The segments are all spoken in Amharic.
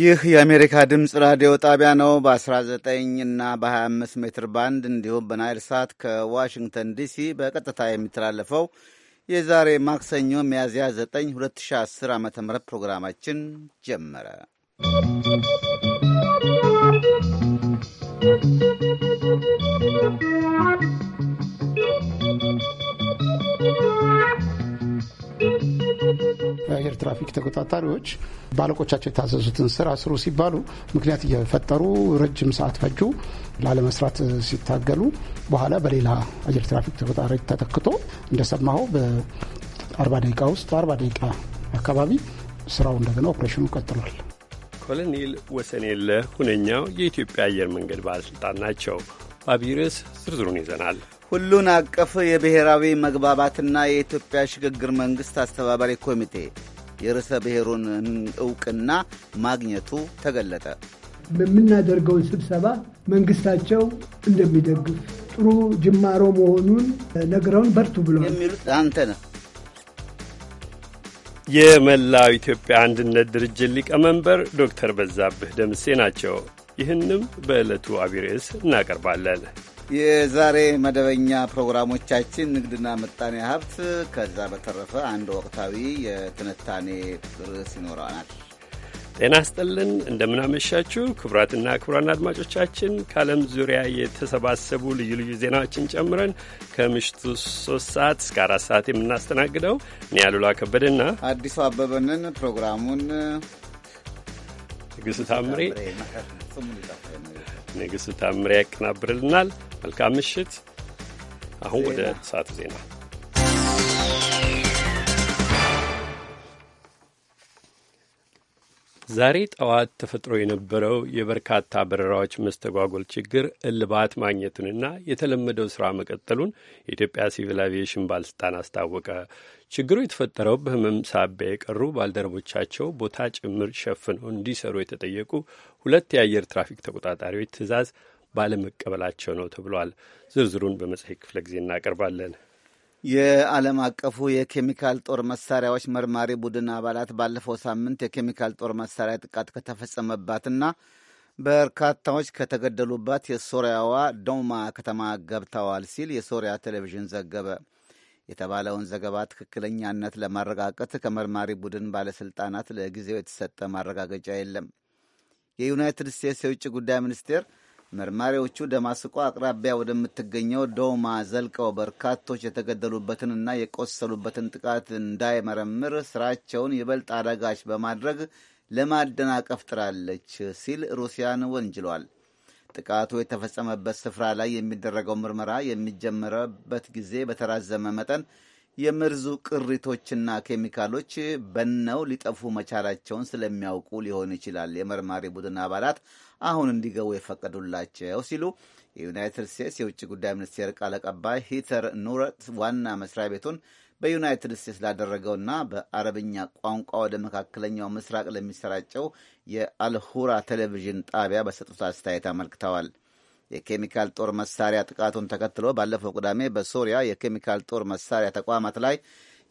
ይህ የአሜሪካ ድምፅ ራዲዮ ጣቢያ ነው። በ19 እና በ25 ሜትር ባንድ እንዲሁም በናይል ሳት ከዋሽንግተን ዲሲ በቀጥታ የሚተላለፈው የዛሬ ማክሰኞ ሚያዝያ 9 2010 ዓ ም ፕሮግራማችን ጀመረ። ¶¶ የአየር ትራፊክ ተቆጣጣሪዎች ባለቆቻቸው የታዘዙትን ስራ ስሩ ሲባሉ ምክንያት እየፈጠሩ ረጅም ሰዓት ፈጁ ላለመስራት ሲታገሉ በኋላ በሌላ አየር ትራፊክ ተቆጣጣሪ ተተክቶ እንደሰማሁ በ40 ደቂቃ ውስጥ 40 ደቂቃ አካባቢ ስራው እንደገና ኦፕሬሽኑ ቀጥሏል። ኮሎኔል ወሰኔለ ሁነኛው የኢትዮጵያ አየር መንገድ ባለሥልጣን ናቸው። አብይ ዝርዝሩን ይዘናል። ሁሉን አቀፍ የብሔራዊ መግባባትና የኢትዮጵያ ሽግግር መንግሥት አስተባባሪ ኮሚቴ የርዕሰ ብሔሩን እውቅና ማግኘቱ ተገለጠ። የምናደርገውን ስብሰባ መንግስታቸው እንደሚደግፍ ጥሩ ጅማሮ መሆኑን ነግረውን በርቱ ብለዋል የሚሉት አንተ ነህ። የመላው ኢትዮጵያ አንድነት ድርጅት ሊቀመንበር ዶክተር በዛብህ ደምሴ ናቸው። ይህንም በዕለቱ አቢይ ርዕስ እናቀርባለን። የዛሬ መደበኛ ፕሮግራሞቻችን ንግድና ምጣኔ ሀብት፣ ከዛ በተረፈ አንድ ወቅታዊ የትንታኔ ርዕስ ይኖረናል። ጤና ስጥልን እንደምናመሻችሁ ክቡራትና ክቡራን አድማጮቻችን ከዓለም ዙሪያ የተሰባሰቡ ልዩ ልዩ ዜናዎችን ጨምረን ከምሽቱ ሶስት ሰዓት እስከ አራት ሰዓት የምናስተናግደው እኔ አሉላ ከበደና አዲሱ አበበንን ፕሮግራሙን ንግሥት ታምሬ ንግሥት ታምሪያ ያቀናብርልናል። መልካም ምሽት። አሁን ወደ ሰዓቱ ዜና ዛሬ ጠዋት ተፈጥሮ የነበረው የበርካታ በረራዎች መስተጓጎል ችግር እልባት ማግኘቱንና የተለመደው ስራ መቀጠሉን የኢትዮጵያ ሲቪል አቪዬሽን ባለስልጣን አስታወቀ። ችግሩ የተፈጠረው በህመም ሳቢያ የቀሩ ባልደረቦቻቸው ቦታ ጭምር ሸፍነው እንዲሰሩ የተጠየቁ ሁለት የአየር ትራፊክ ተቆጣጣሪዎች ትዕዛዝ ባለመቀበላቸው ነው ተብሏል። ዝርዝሩን በመጽሔት ክፍለ ጊዜ እናቀርባለን። የዓለም አቀፉ የኬሚካል ጦር መሳሪያዎች መርማሪ ቡድን አባላት ባለፈው ሳምንት የኬሚካል ጦር መሳሪያ ጥቃት ከተፈጸመባትና በርካታዎች ከተገደሉባት የሶሪያዋ ዶማ ከተማ ገብተዋል ሲል የሶሪያ ቴሌቪዥን ዘገበ። የተባለውን ዘገባ ትክክለኛነት ለማረጋገጥ ከመርማሪ ቡድን ባለሥልጣናት ለጊዜው የተሰጠ ማረጋገጫ የለም። የዩናይትድ ስቴትስ የውጭ ጉዳይ ሚኒስቴር መርማሪዎቹ ደማስቆ አቅራቢያ ወደምትገኘው ዶማ ዘልቀው በርካቶች የተገደሉበትንና የቆሰሉበትን ጥቃት እንዳይመረምር ስራቸውን ይበልጥ አዳጋች በማድረግ ለማደናቀፍ ጥራለች ሲል ሩሲያን ወንጅሏል። ጥቃቱ የተፈጸመበት ስፍራ ላይ የሚደረገው ምርመራ የሚጀምረበት ጊዜ በተራዘመ መጠን የመርዙ ቅሪቶችና ኬሚካሎች በነው ሊጠፉ መቻላቸውን ስለሚያውቁ ሊሆን ይችላል የመርማሪ ቡድን አባላት አሁን እንዲገቡ የፈቀዱላቸው ሲሉ የዩናይትድ ስቴትስ የውጭ ጉዳይ ሚኒስቴር ቃል አቀባይ ሂተር ኑረት ዋና መስሪያ ቤቱን በዩናይትድ ስቴትስ ላደረገውና በአረብኛ ቋንቋ ወደ መካከለኛው ምስራቅ ለሚሰራጨው የአልሁራ ቴሌቪዥን ጣቢያ በሰጡት አስተያየት አመልክተዋል። የኬሚካል ጦር መሳሪያ ጥቃቱን ተከትሎ ባለፈው ቅዳሜ በሶሪያ የኬሚካል ጦር መሳሪያ ተቋማት ላይ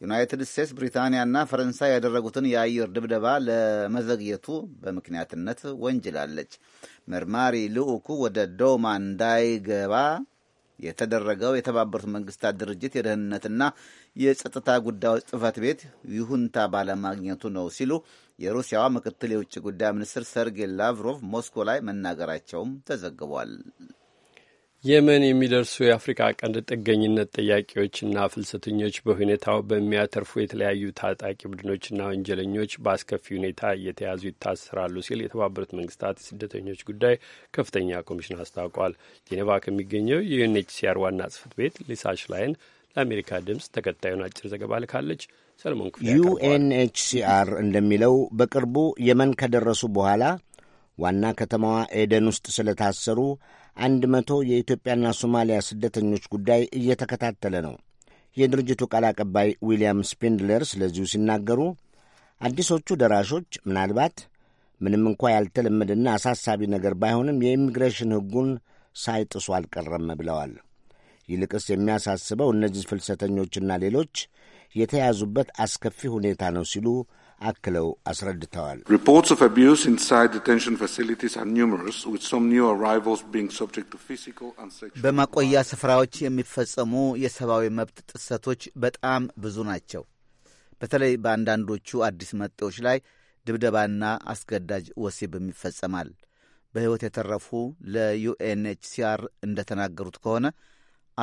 ዩናይትድ ስቴትስ ብሪታንያና ፈረንሳይ ያደረጉትን የአየር ድብደባ ለመዘግየቱ በምክንያትነት ወንጅላለች። መርማሪ ልዑኩ ወደ ዶማ እንዳይገባ የተደረገው የተባበሩት መንግስታት ድርጅት የደህንነትና የጸጥታ ጉዳዮች ጽህፈት ቤት ይሁንታ ባለማግኘቱ ነው ሲሉ የሩሲያዋ ምክትል የውጭ ጉዳይ ሚኒስትር ሰርጌይ ላቭሮቭ ሞስኮ ላይ መናገራቸውም ተዘግቧል። የመን የሚደርሱ የአፍሪካ ቀንድ ጥገኝነት ጥያቄዎችና ፍልሰተኞች በሁኔታው በሚያተርፉ የተለያዩ ታጣቂ ቡድኖችና ወንጀለኞች በአስከፊ ሁኔታ እየተያዙ ይታሰራሉ ሲል የተባበሩት መንግስታት የስደተኞች ጉዳይ ከፍተኛ ኮሚሽን አስታውቋል። ጄኔቫ ከሚገኘው የዩኤንኤችሲአር ዋና ጽህፈት ቤት ሊሳ ሽላይን ለአሜሪካ ድምፅ ተከታዩን አጭር ዘገባ ልካለች። ሰለሞን ክፍ ዩኤንኤችሲአር እንደሚለው በቅርቡ የመን ከደረሱ በኋላ ዋና ከተማዋ ኤደን ውስጥ ስለታሰሩ አንድ መቶ የኢትዮጵያና ሶማሊያ ስደተኞች ጉዳይ እየተከታተለ ነው። የድርጅቱ ቃል አቀባይ ዊልያም ስፒንድለር ስለዚሁ ሲናገሩ አዲሶቹ ደራሾች ምናልባት ምንም እንኳ ያልተለመደና አሳሳቢ ነገር ባይሆንም የኢሚግሬሽን ሕጉን ሳይጥሱ አልቀረም ብለዋል። ይልቅስ የሚያሳስበው እነዚህ ፍልሰተኞችና ሌሎች የተያዙበት አስከፊ ሁኔታ ነው ሲሉ አክለው አስረድተዋል። በማቆያ ስፍራዎች የሚፈጸሙ የሰብአዊ መብት ጥሰቶች በጣም ብዙ ናቸው። በተለይ በአንዳንዶቹ አዲስ መጤዎች ላይ ድብደባና አስገዳጅ ወሲብም ይፈጸማል። በሕይወት የተረፉ ለዩኤንኤችሲአር እንደተናገሩት ከሆነ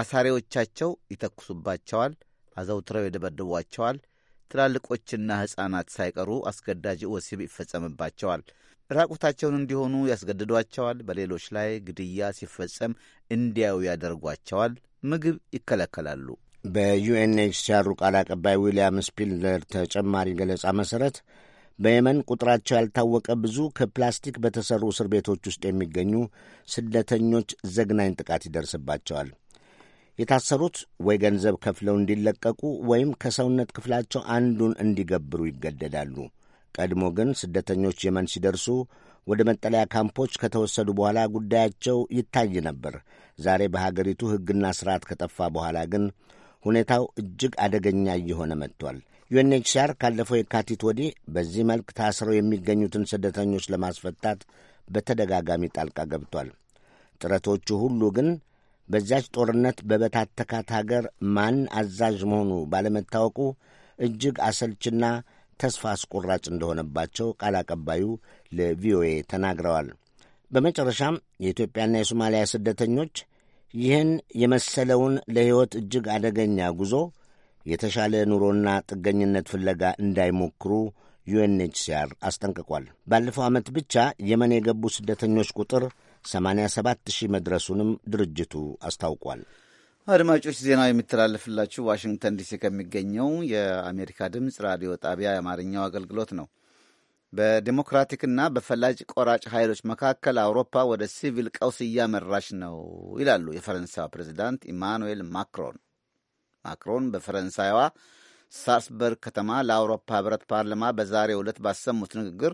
አሳሪዎቻቸው ይተኩሱባቸዋል፣ አዘውትረው ይደበድቧቸዋል ትላልቆችና ሕፃናት ሳይቀሩ አስገዳጅ ወሲብ ይፈጸምባቸዋል። ራቁታቸውን እንዲሆኑ ያስገድዷቸዋል። በሌሎች ላይ ግድያ ሲፈጸም እንዲያዩ ያደርጓቸዋል። ምግብ ይከለከላሉ። በዩኤንኤችሲያሩ ቃል አቀባይ ዊልያም ስፒልደር ተጨማሪ ገለጻ መሠረት በየመን ቁጥራቸው ያልታወቀ ብዙ ከፕላስቲክ በተሠሩ እስር ቤቶች ውስጥ የሚገኙ ስደተኞች ዘግናኝ ጥቃት ይደርስባቸዋል። የታሰሩት ወይ ገንዘብ ከፍለው እንዲለቀቁ ወይም ከሰውነት ክፍላቸው አንዱን እንዲገብሩ ይገደዳሉ። ቀድሞ ግን ስደተኞች የመን ሲደርሱ ወደ መጠለያ ካምፖች ከተወሰዱ በኋላ ጉዳያቸው ይታይ ነበር። ዛሬ በሀገሪቱ ሕግና ሥርዓት ከጠፋ በኋላ ግን ሁኔታው እጅግ አደገኛ እየሆነ መጥቷል። ዩኤንኤችሲአር ካለፈው የካቲት ወዲህ በዚህ መልክ ታስረው የሚገኙትን ስደተኞች ለማስፈታት በተደጋጋሚ ጣልቃ ገብቷል። ጥረቶቹ ሁሉ ግን በዚያች ጦርነት በበታተካት አገር ማን አዛዥ መሆኑ ባለመታወቁ እጅግ አሰልችና ተስፋ አስቆራጭ እንደሆነባቸው ቃል አቀባዩ ለቪኦኤ ተናግረዋል። በመጨረሻም የኢትዮጵያና የሶማሊያ ስደተኞች ይህን የመሰለውን ለሕይወት እጅግ አደገኛ ጉዞ የተሻለ ኑሮና ጥገኝነት ፍለጋ እንዳይሞክሩ ዩኤንኤችሲአር አስጠንቅቋል። ባለፈው ዓመት ብቻ የመን የገቡ ስደተኞች ቁጥር 87 ሺህ መድረሱንም ድርጅቱ አስታውቋል። አድማጮች ዜናው የሚተላለፍላችሁ ዋሽንግተን ዲሲ ከሚገኘው የአሜሪካ ድምፅ ራዲዮ ጣቢያ የአማርኛው አገልግሎት ነው። በዴሞክራቲክና በፈላጭ ቆራጭ ኃይሎች መካከል አውሮፓ ወደ ሲቪል ቀውስ እያመራች ነው ይላሉ የፈረንሳይ ፕሬዚዳንት ኢማኑኤል ማክሮን። ማክሮን በፈረንሳይዋ ሳልስበርግ ከተማ ለአውሮፓ ሕብረት ፓርላማ በዛሬው ዕለት ባሰሙት ንግግር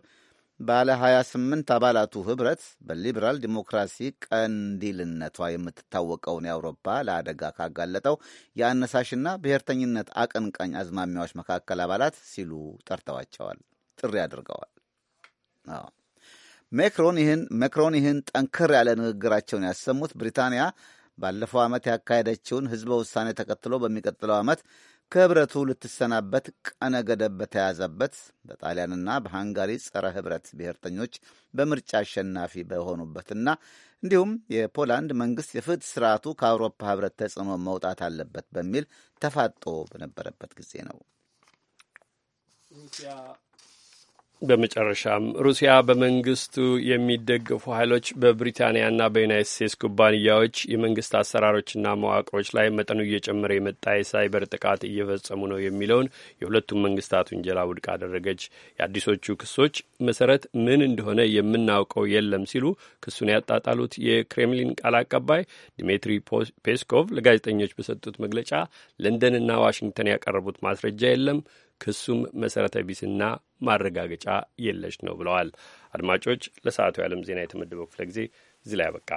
ባለ 28 አባላቱ ህብረት በሊበራል ዲሞክራሲ ቀንዲልነቷ የምትታወቀውን የአውሮፓ ለአደጋ ካጋለጠው የአነሳሽና ብሔርተኝነት አቀንቃኝ አዝማሚያዎች መካከል አባላት ሲሉ ጠርተዋቸዋል፣ ጥሪ አድርገዋል። ሜክሮን ይህን ጠንከር ያለ ንግግራቸውን ያሰሙት ብሪታንያ ባለፈው ዓመት ያካሄደችውን ህዝበ ውሳኔ ተከትሎ በሚቀጥለው ዓመት ከህብረቱ ልትሰናበት ቀነ ገደብ በተያዘበት በጣሊያንና በሃንጋሪ ጸረ ህብረት ብሔርተኞች በምርጫ አሸናፊ በሆኑበትና እንዲሁም የፖላንድ መንግስት የፍትህ ስርዓቱ ከአውሮፓ ህብረት ተጽዕኖ መውጣት አለበት በሚል ተፋጦ በነበረበት ጊዜ ነው። በመጨረሻም ሩሲያ በመንግስቱ የሚደገፉ ኃይሎች በብሪታንያና በዩናይት ስቴትስ ኩባንያዎች የመንግስት አሰራሮችና መዋቅሮች ላይ መጠኑ እየጨመረ የመጣ የሳይበር ጥቃት እየፈጸሙ ነው የሚለውን የሁለቱም መንግስታት ውንጀላ ውድቅ አደረገች። የአዲሶቹ ክሶች መሰረት ምን እንደሆነ የምናውቀው የለም ሲሉ ክሱን ያጣጣሉት የክሬምሊን ቃል አቀባይ ዲሚትሪ ፔስኮቭ ለጋዜጠኞች በሰጡት መግለጫ ለንደንና ዋሽንግተን ያቀረቡት ማስረጃ የለም ክሱም መሠረተ ቢስና ማረጋገጫ የለሽ ነው ብለዋል። አድማጮች፣ ለሰዓቱ የዓለም ዜና የተመደበው ክፍለ ጊዜ እዚህ ላይ አበቃ።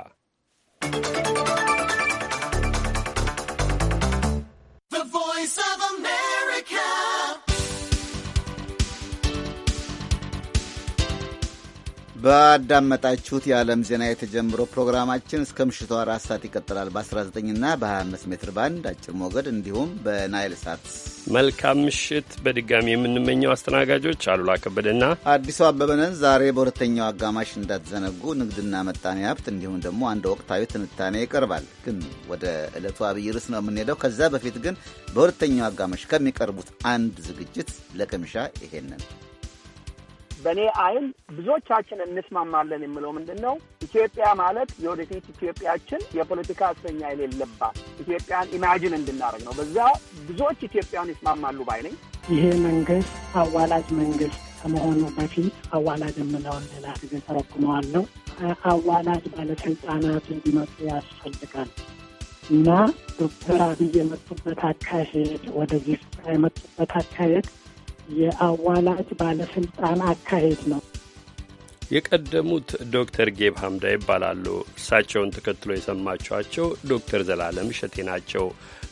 ባዳመጣችሁት የዓለም ዜና የተጀምሮ ፕሮግራማችን እስከ ምሽቱ አራት ሰዓት ይቀጥላል። በ19 እና በ25 ሜትር ባንድ አጭር ሞገድ እንዲሁም በናይል ሳት። መልካም ምሽት በድጋሚ የምንመኘው አስተናጋጆች አሉላ ከበደና አዲሱ አበበነን። ዛሬ በሁለተኛው አጋማሽ እንዳትዘነጉ ንግድና መጣኔ ሀብት እንዲሁም ደግሞ አንድ ወቅታዊ ትንታኔ ይቀርባል። ግን ወደ ዕለቱ አብይ ርዕስ ነው የምንሄደው። ከዛ በፊት ግን በሁለተኛው አጋማሽ ከሚቀርቡት አንድ ዝግጅት ለቅምሻ ይሄንን በእኔ አይን ብዙዎቻችን እንስማማለን የምለው ምንድን ነው ኢትዮጵያ ማለት የወደፊት ኢትዮጵያችን የፖለቲካ እስረኛ የሌለባት ኢትዮጵያን ኢማጂን እንድናደርግ ነው። በዛ ብዙዎች ኢትዮጵያን ይስማማሉ ባይ ነኝ። ይሄ መንግስት አዋላጅ መንግስት ከመሆኑ በፊት አዋላጅ የምለውን ሌላ ጊዜ ተረጉመዋለሁ። አዋላጅ ባለስልጣናት እንዲመጡ ያስፈልጋል እና ዶክተር አብይ የመጡበት አካሄድ ወደዚህ ስፍራ የመጡበት አካሄድ የአዋላጅ ባለስልጣን አካሄድ ነው። የቀደሙት ዶክተር ጌብ ሀምዳ ይባላሉ። እርሳቸውን ተከትሎ የሰማችኋቸው ዶክተር ዘላለም እሸቴ ናቸው።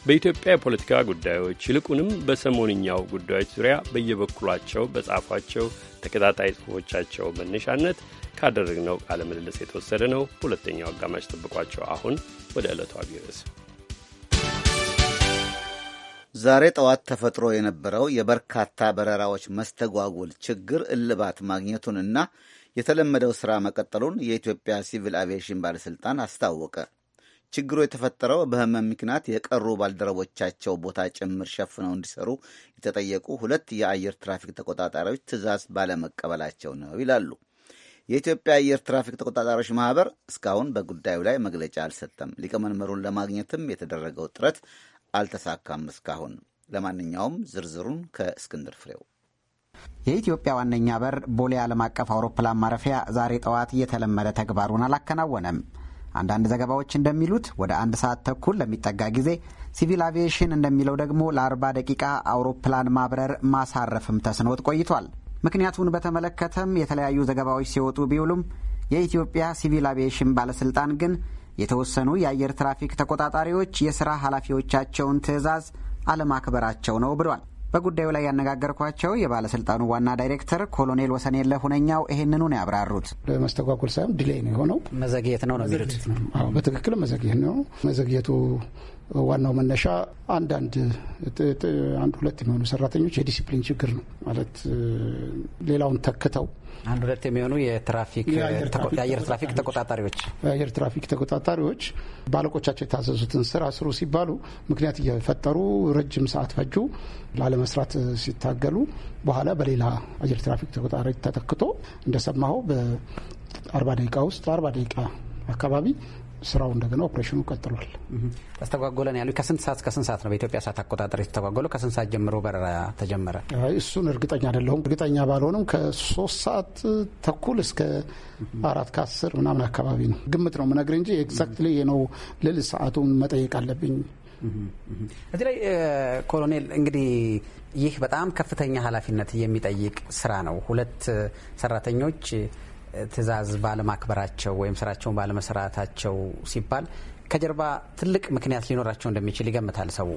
በኢትዮጵያ የፖለቲካ ጉዳዮች ይልቁንም በሰሞንኛው ጉዳዮች ዙሪያ በየበኩላቸው በጻፏቸው ተከታታይ ጽሁፎቻቸው መነሻነት ካደረግነው ቃለ ምልልስ የተወሰደ ነው። ሁለተኛው አጋማሽ ጠብቋቸው። አሁን ወደ ዕለቷ ቢርስ ዛሬ ጠዋት ተፈጥሮ የነበረው የበርካታ በረራዎች መስተጓጎል ችግር እልባት ማግኘቱንና የተለመደው ሥራ መቀጠሉን የኢትዮጵያ ሲቪል አቪዬሽን ባለሥልጣን አስታወቀ። ችግሩ የተፈጠረው በሕመም ምክንያት የቀሩ ባልደረቦቻቸው ቦታ ጭምር ሸፍነው እንዲሰሩ የተጠየቁ ሁለት የአየር ትራፊክ ተቆጣጣሪዎች ትዕዛዝ ባለመቀበላቸው ነው ይላሉ። የኢትዮጵያ አየር ትራፊክ ተቆጣጣሪዎች ማህበር እስካሁን በጉዳዩ ላይ መግለጫ አልሰጠም። ሊቀመንበሩን ለማግኘትም የተደረገው ጥረት አልተሳካም እስካሁን። ለማንኛውም ዝርዝሩን ከእስክንድር ፍሬው። የኢትዮጵያ ዋነኛ በር ቦሌ ዓለም አቀፍ አውሮፕላን ማረፊያ ዛሬ ጠዋት እየተለመደ ተግባሩን አላከናወነም። አንዳንድ ዘገባዎች እንደሚሉት ወደ አንድ ሰዓት ተኩል ለሚጠጋ ጊዜ፣ ሲቪል አቪዬሽን እንደሚለው ደግሞ ለአርባ ደቂቃ አውሮፕላን ማብረር ማሳረፍም ተስኖት ቆይቷል። ምክንያቱን በተመለከተም የተለያዩ ዘገባዎች ሲወጡ ቢውሉም የኢትዮጵያ ሲቪል አቪዬሽን ባለስልጣን ግን የተወሰኑ የአየር ትራፊክ ተቆጣጣሪዎች የሥራ ኃላፊዎቻቸውን ትዕዛዝ አለማክበራቸው ነው ብሏል። በጉዳዩ ላይ ያነጋገርኳቸው የባለስልጣኑ ዋና ዳይሬክተር ኮሎኔል ወሰኔለ ሁነኛው ይህንኑ ነው ያብራሩት። መስተጓጎል ሳይሆን ዲሌይ ነው የሆነው፣ መዘግየት ነው ነው የሚሉት። በትክክል መዘግየት ነው። መዘግየቱ ዋናው መነሻ አንዳንድ አንድ ሁለት የሚሆኑ ሰራተኞች የዲሲፕሊን ችግር ነው ማለት ሌላውን ተክተው አንድ ሁለት የሚሆኑ የአየር ትራፊክ ተቆጣጣሪዎች የአየር ትራፊክ ተቆጣጣሪዎች ባለቆቻቸው የታዘዙትን ስራ ስሩ ሲባሉ ምክንያት እየፈጠሩ ረጅም ሰዓት ፈጁ ላለመስራት ሲታገሉ በኋላ በሌላ አየር ትራፊክ ተቆጣጣሪ ተተክቶ እንደሰማኸው በአርባ ደቂቃ ውስጥ አርባ ደቂቃ አካባቢ ስራው እንደገና ኦፕሬሽኑ ቀጥሏል። ተስተጓጎለ ያሉ። ከስንት ሰዓት ከስንት ስንት ሰዓት ነው በኢትዮጵያ ሰዓት አቆጣጠር የተስተጓጎለው? ከስንት ሰዓት ጀምሮ በረራ ተጀመረ? እሱን እርግጠኛ አይደለሁም። እርግጠኛ ባልሆንም ከሶስት ሰዓት ተኩል እስከ አራት ከአስር ምናምን አካባቢ ነው። ግምት ነው ምነግር እንጂ ኤግዛክትሊ የነው ልል ሰዓቱን መጠየቅ አለብኝ። እዚህ ላይ ኮሎኔል እንግዲህ ይህ በጣም ከፍተኛ ኃላፊነት የሚጠይቅ ስራ ነው። ሁለት ሰራተኞች ትዕዛዝ ባለማክበራቸው ወይም ስራቸውን ባለመስራታቸው ሲባል ከጀርባ ትልቅ ምክንያት ሊኖራቸው እንደሚችል ይገምታል ሰው።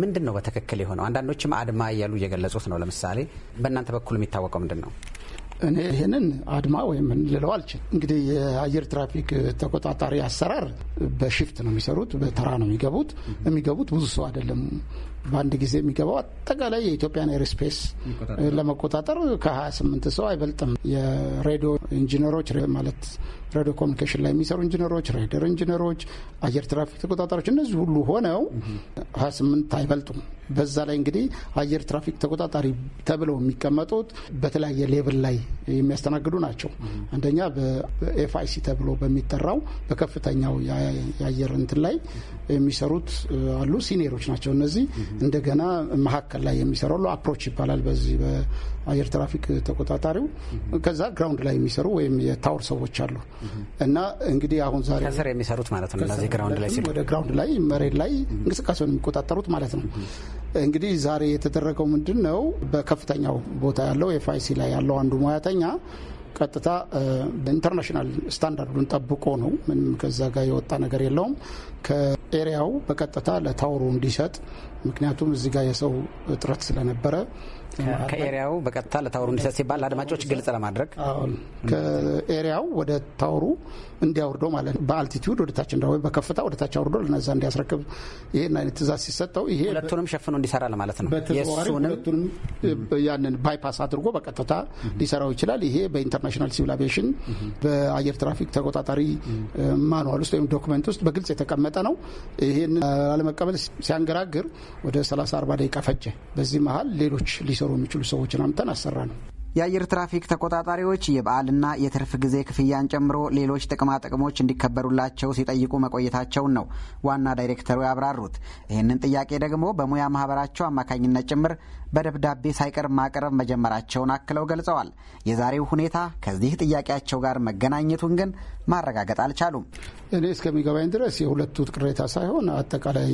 ምንድን ነው በትክክል የሆነው? አንዳንዶችም አድማ እያሉ እየገለጹት ነው። ለምሳሌ በእናንተ በኩል የሚታወቀው ምንድን ነው? እኔ ይህንን አድማ ወይም ልለው አልችል። እንግዲህ የአየር ትራፊክ ተቆጣጣሪ አሰራር በሽፍት ነው የሚሰሩት፣ በተራ ነው የሚገቡት። የሚገቡት ብዙ ሰው አይደለም። በአንድ ጊዜ የሚገባው አጠቃላይ የኢትዮጵያን ኤርስፔስ ለመቆጣጠር ከ28 ሰው አይበልጥም። የሬዲዮ ኢንጂነሮች ማለት ሬዲዮ ኮሚኒኬሽን ላይ የሚሰሩ ኢንጂነሮች፣ ሬደር ኢንጂነሮች፣ አየር ትራፊክ ተቆጣጣሪዎች እነዚህ ሁሉ ሆነው 28 አይበልጡም። በዛ ላይ እንግዲህ አየር ትራፊክ ተቆጣጣሪ ተብለው የሚቀመጡት በተለያየ ሌብል ላይ የሚያስተናግዱ ናቸው። አንደኛ በኤፍአይሲ ተብሎ በሚጠራው በከፍተኛው የአየር እንትን ላይ የሚሰሩት አሉ። ሲኒየሮች ናቸው እነዚህ። እንደገና መካከል ላይ የሚሰሩ አሉ። አፕሮች ይባላል በዚህ በአየር ትራፊክ ተቆጣጣሪው። ከዛ ግራውንድ ላይ የሚሰሩ ወይም የታወር ሰዎች አሉ። እና እንግዲህ አሁን ዛሬ ከስር የሚሰሩት ማለት ነው እነዚህ ግራውንድ ላይ ሲሉ ወደ ግራውንድ ላይ መሬት ላይ እንቅስቃሴውን የሚቆጣጠሩት ማለት ነው። እንግዲህ ዛሬ የተደረገው ምንድን ነው? በከፍተኛው ቦታ ያለው ኤፍአይሲ ላይ ያለው አንዱ ሙያተኛ ቀጥታ በኢንተርናሽናል ስታንዳርዱን ጠብቆ ነው። ምንም ከዛ ጋር የወጣ ነገር የለውም። ከኤሪያው በቀጥታ ለታውሮ እንዲሰጥ ምክንያቱም እዚህ ጋር የሰው እጥረት ስለነበረ ከኤሪያው በቀጥታ ለታወሩ እንዲሰጥ ሲባል ለአድማጮች ግልጽ ለማድረግ ከኤሪያው ወደ ታወሩ እንዲያወርዶ ማለት ነው። በአልቲቲዩድ ወደታች እንዳ ወይም በከፍታ ወደታች አውርዶ ለነዛ እንዲያስረክብ ይህን አይነት ትእዛዝ ሲሰጠው ይሄ ሁለቱንም ሸፍኖ እንዲሰራ ለማለት ነው። በተዘዋዋሪ ሁለቱንም ያንን ባይፓስ አድርጎ በቀጥታ ሊሰራው ይችላል። ይሄ በኢንተርናሽናል ሲቪል አቪዬሽን በአየር ትራፊክ ተቆጣጣሪ ማኑዋል ውስጥ ወይም ዶክመንት ውስጥ በግልጽ የተቀመጠ ነው። ይህን አለመቀበል ሲያንገራግር ወደ 30 40 ደቂቃ ፈጀ። በዚህ መሀል ሌሎች ሊሰሩ የሚችሉ ሰዎችን አምተን አሰራ ነው። የአየር ትራፊክ ተቆጣጣሪዎች የበዓልና የትርፍ ጊዜ ክፍያን ጨምሮ ሌሎች ጥቅማጥቅሞች እንዲከበሩላቸው ሲጠይቁ መቆየታቸውን ነው ዋና ዳይሬክተሩ ያብራሩት። ይህንን ጥያቄ ደግሞ በሙያ ማህበራቸው አማካኝነት ጭምር በደብዳቤ ሳይቀር ማቅረብ መጀመራቸውን አክለው ገልጸዋል። የዛሬው ሁኔታ ከዚህ ጥያቄያቸው ጋር መገናኘቱን ግን ማረጋገጥ አልቻሉም። እኔ እስከሚገባኝ ድረስ የሁለቱ ቅሬታ ሳይሆን አጠቃላይ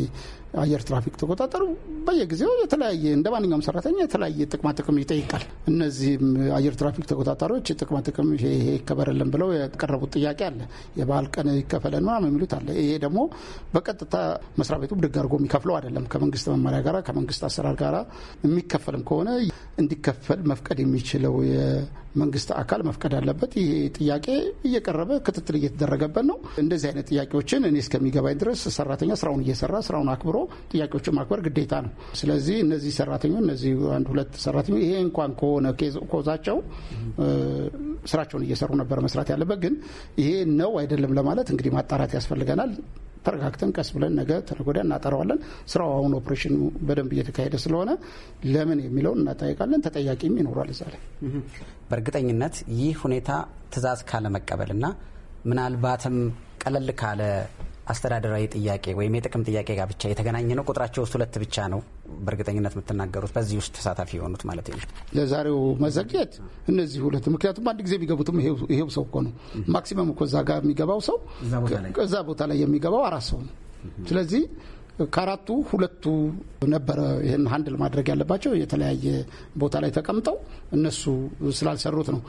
አየር ትራፊክ ተቆጣጠሩ በየጊዜው የተለያየ እንደ ማንኛውም ሰራተኛ የተለያየ ጥቅማ ጥቅም ይጠይቃል። እነዚህም አየር ትራፊክ ተቆጣጣሪዎች ጥቅማ ጥቅም ይሄ ይከበረልን ብለው የቀረቡት ጥያቄ አለ። የበዓል ቀን ይከፈለን ምናምን የሚሉት አለ። ይሄ ደግሞ በቀጥታ መስሪያ ቤቱ ብድግ አድርጎ የሚከፍለው አይደለም። ከመንግስት መመሪያ ጋራ ከመንግስት አሰራር ጋራ የሚከፈልም ከሆነ እንዲከፈል መፍቀድ የሚችለው የመንግስት አካል መፍቀድ አለበት። ይሄ ጥያቄ እየቀረበ ክትትል እየተደረገበት ነው። እንደዚህ አይነት ጥያቄዎችን እኔ እስከሚገባኝ ድረስ ሰራተኛ ስራውን እየሰራ ስራውን አክብሮ ጥያቄዎችን ማክበር ግዴታ ነው። ስለዚህ እነዚህ ሰራተኞች እነዚህ አንድ ሁለት ሰራተኞች ይሄ እንኳን ከሆነ ኮዛቸው ስራቸውን እየሰሩ ነበር መስራት ያለበት። ግን ይሄ ነው አይደለም ለማለት እንግዲህ ማጣራት ያስፈልገናል። ተረጋግተን ቀስ ብለን ነገ ተነጎዳ እናጠረዋለን። ስራው አሁን ኦፕሬሽኑ በደንብ እየተካሄደ ስለሆነ ለምን የሚለውን እናጠይቃለን። ተጠያቂም ይኖሯል እዛ ላይ በእርግጠኝነት ይህ ሁኔታ ትዕዛዝ ካለመቀበልና ምናልባትም ቀለል ካለ አስተዳደራዊ ጥያቄ ወይም የጥቅም ጥያቄ ጋር ብቻ የተገናኘ ነው? ቁጥራቸው ውስጥ ሁለት ብቻ ነው በእርግጠኝነት የምትናገሩት በዚህ ውስጥ ተሳታፊ የሆኑት ማለት ነው? ለዛሬው መዘግየት እነዚህ ሁለት ምክንያቱም አንድ ጊዜ የሚገቡትም ይሄው ሰው እኮ ነው። ማክሲመም እኮ እዛ ጋር የሚገባው ሰው እዛ ቦታ ላይ የሚገባው አራት ሰው ነው። ስለዚህ ከአራቱ ሁለቱ ነበረ ይህን ሀንድል ማድረግ ያለባቸው የተለያየ ቦታ ላይ ተቀምጠው እነሱ ስላልሰሩት ነው።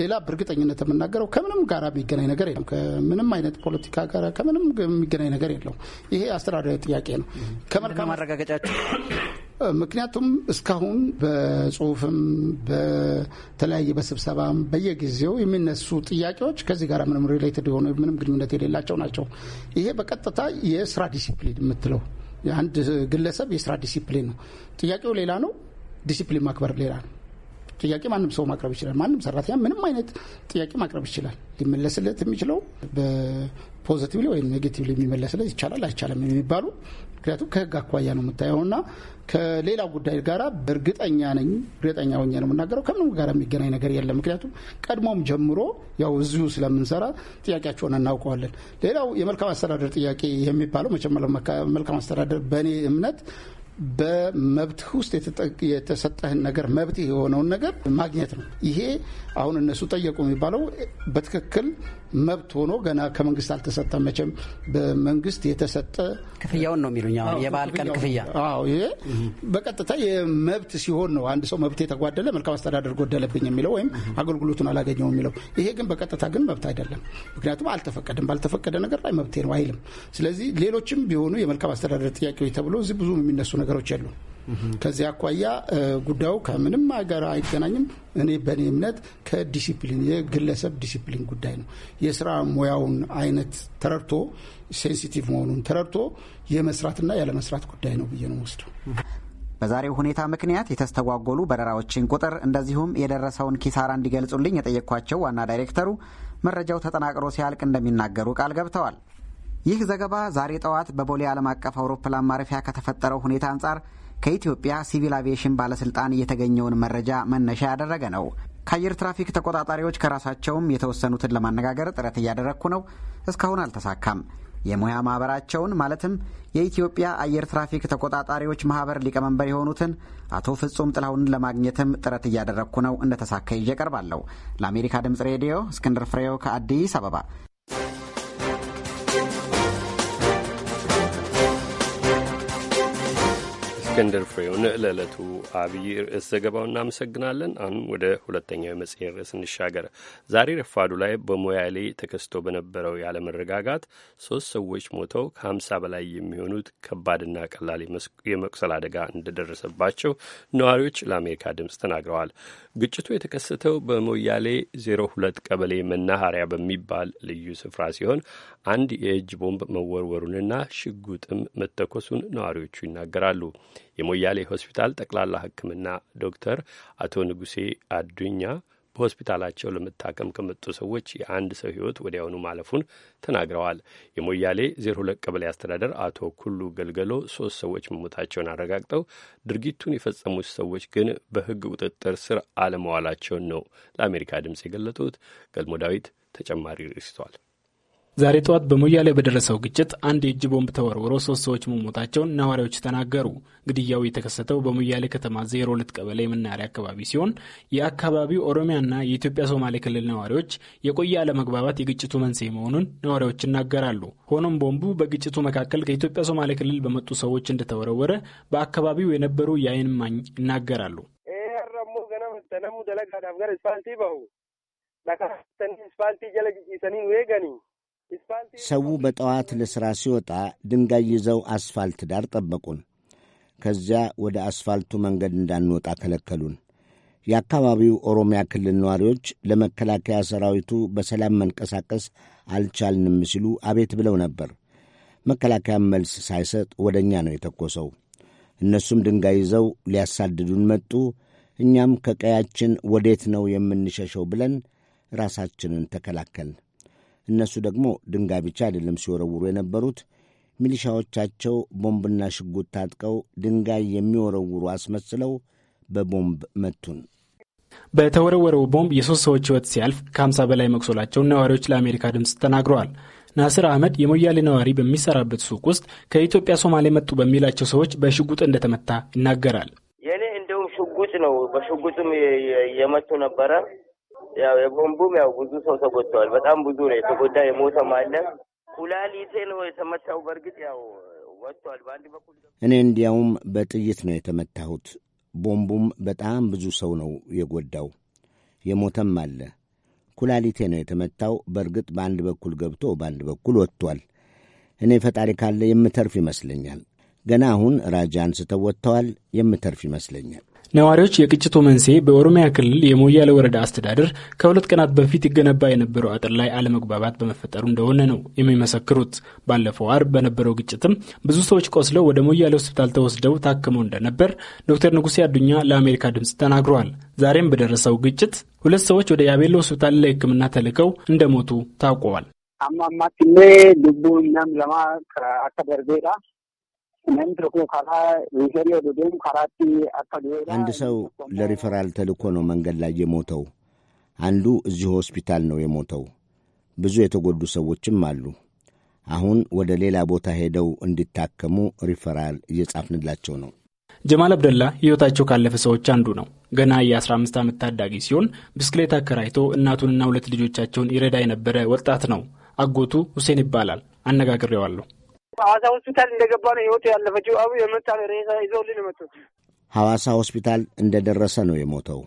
ሌላ በእርግጠኝነት የምናገረው ከምንም ጋር የሚገናኝ ነገር የለም። ከምንም አይነት ፖለቲካ ጋር ከምንም የሚገናኝ ነገር የለውም። ይሄ አስተዳደራዊ ጥያቄ ነው። ከመልካም ማረጋገጫቸው ምክንያቱም እስካሁን በጽሁፍም በተለያየ በስብሰባም በየጊዜው የሚነሱ ጥያቄዎች ከዚህ ጋር ምንም ሪሌትድ የሆኑ ምንም ግንኙነት የሌላቸው ናቸው። ይሄ በቀጥታ የስራ ዲሲፕሊን የምትለው የአንድ ግለሰብ የስራ ዲሲፕሊን ነው። ጥያቄው ሌላ ነው፣ ዲሲፕሊን ማክበር ሌላ ነው። ጥያቄ ማንም ሰው ማቅረብ ይችላል። ማንም ሰራተኛ ምንም አይነት ጥያቄ ማቅረብ ይችላል። ሊመለስለት የሚችለው በፖዘቲቭሊ ወይም ኔጌቲቭ የሚመለስለት ይቻላል አይቻልም የሚባሉ ምክንያቱም ከህግ አኳያ ነው እና ከሌላ ጉዳይ ጋር እርግጠኛ ነኝ እርግጠኛ ሆኜ ነው የምናገረው ከምንም ጋር የሚገናኝ ነገር የለም። ምክንያቱም ቀድሞም ጀምሮ ያው እዚሁ ስለምንሰራ ጥያቄያቸውን እናውቀዋለን። ሌላው የመልካም አስተዳደር ጥያቄ የሚባለው መቼም መልካም አስተዳደር በእኔ እምነት በመብትህ ውስጥ የተሰጠህን ነገር መብት የሆነውን ነገር ማግኘት ነው። ይሄ አሁን እነሱ ጠየቁ የሚባለው በትክክል መብት ሆኖ ገና ከመንግስት አልተሰጠም። መቼም በመንግስት የተሰጠ ክፍያውን ነው የሚሉኝ የበዓል ቀን ክፍያ። አዎ ይሄ በቀጥታ የመብት ሲሆን ነው አንድ ሰው መብት የተጓደለ መልካም አስተዳደር ጎደለብኝ የሚለው ወይም አገልግሎቱን አላገኘው የሚለው። ይሄ ግን በቀጥታ ግን መብት አይደለም፣ ምክንያቱም አልተፈቀደም። ባልተፈቀደ ነገር ላይ መብቴ ነው አይልም። ስለዚህ ሌሎችም ቢሆኑ የመልካም አስተዳደር ጥያቄዎች ተብሎ እዚህ ብዙ የሚነሱ ነገሮች የሉ ከዚህ አኳያ ጉዳዩ ከምንም ሀገር አይገናኝም። እኔ በእኔ እምነት ከዲሲፕሊን የግለሰብ ዲሲፕሊን ጉዳይ ነው። የስራ ሙያውን አይነት ተረድቶ ሴንሲቲቭ መሆኑን ተረድቶ የመስራትና ያለመስራት ጉዳይ ነው ብዬ ነው ወስደው። በዛሬው ሁኔታ ምክንያት የተስተጓጎሉ በረራዎችን ቁጥር እንደዚሁም የደረሰውን ኪሳራ እንዲገልጹልኝ የጠየቅኳቸው ዋና ዳይሬክተሩ መረጃው ተጠናቅሮ ሲያልቅ እንደሚናገሩ ቃል ገብተዋል። ይህ ዘገባ ዛሬ ጠዋት በቦሌ ዓለም አቀፍ አውሮፕላን ማረፊያ ከተፈጠረው ሁኔታ አንጻር ከኢትዮጵያ ሲቪል አቪዬሽን ባለስልጣን የተገኘውን መረጃ መነሻ ያደረገ ነው። ከአየር ትራፊክ ተቆጣጣሪዎች ከራሳቸውም የተወሰኑትን ለማነጋገር ጥረት እያደረግኩ ነው። እስካሁን አልተሳካም። የሙያ ማህበራቸውን ማለትም የኢትዮጵያ አየር ትራፊክ ተቆጣጣሪዎች ማህበር ሊቀመንበር የሆኑትን አቶ ፍጹም ጥላሁንን ለማግኘትም ጥረት እያደረግኩ ነው። እንደተሳካ ይዤ ቀርባለሁ። ለአሜሪካ ድምጽ ሬዲዮ እስክንድር ፍሬው ከአዲስ አበባ እስክንድር ፍሬውን ለዕለቱ አብይ ርዕስ ዘገባው እናመሰግናለን። አሁን ወደ ሁለተኛው የመጽሔት ርዕስ እንሻገር። ዛሬ ረፋዱ ላይ በሞያሌ ተከስቶ በነበረው ያለመረጋጋት ሶስት ሰዎች ሞተው ከሀምሳ በላይ የሚሆኑት ከባድና ቀላል የመቁሰል አደጋ እንደደረሰባቸው ነዋሪዎች ለአሜሪካ ድምፅ ተናግረዋል። ግጭቱ የተከሰተው በሞያሌ 02 ቀበሌ መናኸሪያ በሚባል ልዩ ስፍራ ሲሆን አንድ የእጅ ቦምብ መወርወሩንና ሽጉጥም መተኮሱን ነዋሪዎቹ ይናገራሉ። የሞያሌ ሆስፒታል ጠቅላላ ሕክምና ዶክተር አቶ ንጉሴ አዱኛ በሆስፒታላቸው ለመታከም ከመጡ ሰዎች የአንድ ሰው ሕይወት ወዲያውኑ ማለፉን ተናግረዋል። የሞያሌ ሁለት ቀበሌ አስተዳደር አቶ ኩሉ ገልገሎ ሶስት ሰዎች መሞታቸውን አረጋግጠው ድርጊቱን የፈጸሙት ሰዎች ግን በህግ ቁጥጥር ስር አለመዋላቸውን ነው ለአሜሪካ ድምፅ የገለጡት። ገልሞ ዳዊት ተጨማሪ ርዕስ ይዟል። ዛሬ ጠዋት በሞያሌ በደረሰው ግጭት አንድ የእጅ ቦምብ ተወርውሮ ሶስት ሰዎች መሞታቸውን ነዋሪዎች ተናገሩ። ግድያው የተከሰተው በሞያሌ ከተማ ዜሮ ሁለት ቀበሌ የመናኸሪያ አካባቢ ሲሆን የአካባቢው ኦሮሚያና የኢትዮጵያ ሶማሌ ክልል ነዋሪዎች የቆየ አለመግባባት የግጭቱ መንስኤ መሆኑን ነዋሪዎች ይናገራሉ። ሆኖም ቦምቡ በግጭቱ መካከል ከኢትዮጵያ ሶማሌ ክልል በመጡ ሰዎች እንደተወረወረ በአካባቢው የነበሩ የአይን እማኝ ይናገራሉ። ሰው በጠዋት ለሥራ ሲወጣ ድንጋይ ይዘው አስፋልት ዳር ጠበቁን። ከዚያ ወደ አስፋልቱ መንገድ እንዳንወጣ ከለከሉን። የአካባቢው ኦሮሚያ ክልል ነዋሪዎች ለመከላከያ ሰራዊቱ በሰላም መንቀሳቀስ አልቻልንም ሲሉ አቤት ብለው ነበር። መከላከያም መልስ ሳይሰጥ ወደ እኛ ነው የተኮሰው። እነሱም ድንጋይ ይዘው ሊያሳድዱን መጡ። እኛም ከቀያችን ወዴት ነው የምንሸሸው ብለን ራሳችንን ተከላከልን። እነሱ ደግሞ ድንጋይ ብቻ አይደለም ሲወረውሩ የነበሩት ሚሊሻዎቻቸው ቦምብና ሽጉጥ ታጥቀው ድንጋይ የሚወረውሩ አስመስለው በቦምብ መቱን። በተወረወረው ቦምብ የሶስት ሰዎች ሕይወት ሲያልፍ ከ50 በላይ መቁሰላቸውን ነዋሪዎች ለአሜሪካ ድምፅ ተናግረዋል። ናስር አህመድ የሞያሌ ነዋሪ በሚሰራበት ሱቅ ውስጥ ከኢትዮጵያ ሶማሌ መጡ በሚላቸው ሰዎች በሽጉጥ እንደተመታ ይናገራል። የእኔ እንደውም ሽጉጥ ነው፣ በሽጉጥም የመቱ ነበረ ያው የቦምቡም ያው ብዙ ሰው ተጎድተዋል። በጣም ብዙ ነው የተጎዳ የሞተም አለ። ኩላሊቴ ነው የተመታው። በእርግጥ ያው ወጥቷል በአንድ በኩል። እኔ እንዲያውም በጥይት ነው የተመታሁት። ቦምቡም በጣም ብዙ ሰው ነው የጎዳው። የሞተም አለ። ኩላሊቴ ነው የተመታው። በእርግጥ በአንድ በኩል ገብቶ በአንድ በኩል ወጥቷል። እኔ ፈጣሪ ካለ የምተርፍ ይመስለኛል። ገና አሁን ራጃ አንስተው ወጥተዋል። የምተርፍ ይመስለኛል። ነዋሪዎች የግጭቱ መንስኤ በኦሮሚያ ክልል የሞያሌ ወረዳ አስተዳደር ከሁለት ቀናት በፊት ይገነባ የነበረው አጥር ላይ አለመግባባት በመፈጠሩ እንደሆነ ነው የሚመሰክሩት። ባለፈው አርብ በነበረው ግጭትም ብዙ ሰዎች ቆስለው ወደ ሞያሌ ሆስፒታል ተወስደው ታክመው እንደነበር ዶክተር ንጉሴ አዱኛ ለአሜሪካ ድምፅ ተናግረዋል። ዛሬም በደረሰው ግጭት ሁለት ሰዎች ወደ ያቤሎ ሆስፒታል ለሕክምና ተልከው እንደሞቱ ታውቀዋል። አማማትሌ ልቡ እናም ለማ አከ አንድ ሰው ለሪፈራል ተልኮ ነው መንገድ ላይ የሞተው። አንዱ እዚሁ ሆስፒታል ነው የሞተው። ብዙ የተጎዱ ሰዎችም አሉ። አሁን ወደ ሌላ ቦታ ሄደው እንዲታከሙ ሪፈራል እየጻፍንላቸው ነው። ጀማል አብደላ ሕይወታቸው ካለፈ ሰዎች አንዱ ነው። ገና የ15 ዓመት ታዳጊ ሲሆን ብስክሌት አከራይቶ እናቱንና ሁለት ልጆቻቸውን ይረዳ የነበረ ወጣት ነው። አጎቱ ሁሴን ይባላል። አነጋግሬዋለሁ። ሐዋሳ ሆስፒታል እንደገባ ነው ህይወቱ ያለፈችው። አቡ የመጣ ነው ሬሳ ይዘውልን የመጡት ሐዋሳ ሆስፒታል እንደደረሰ ነው የሞተው።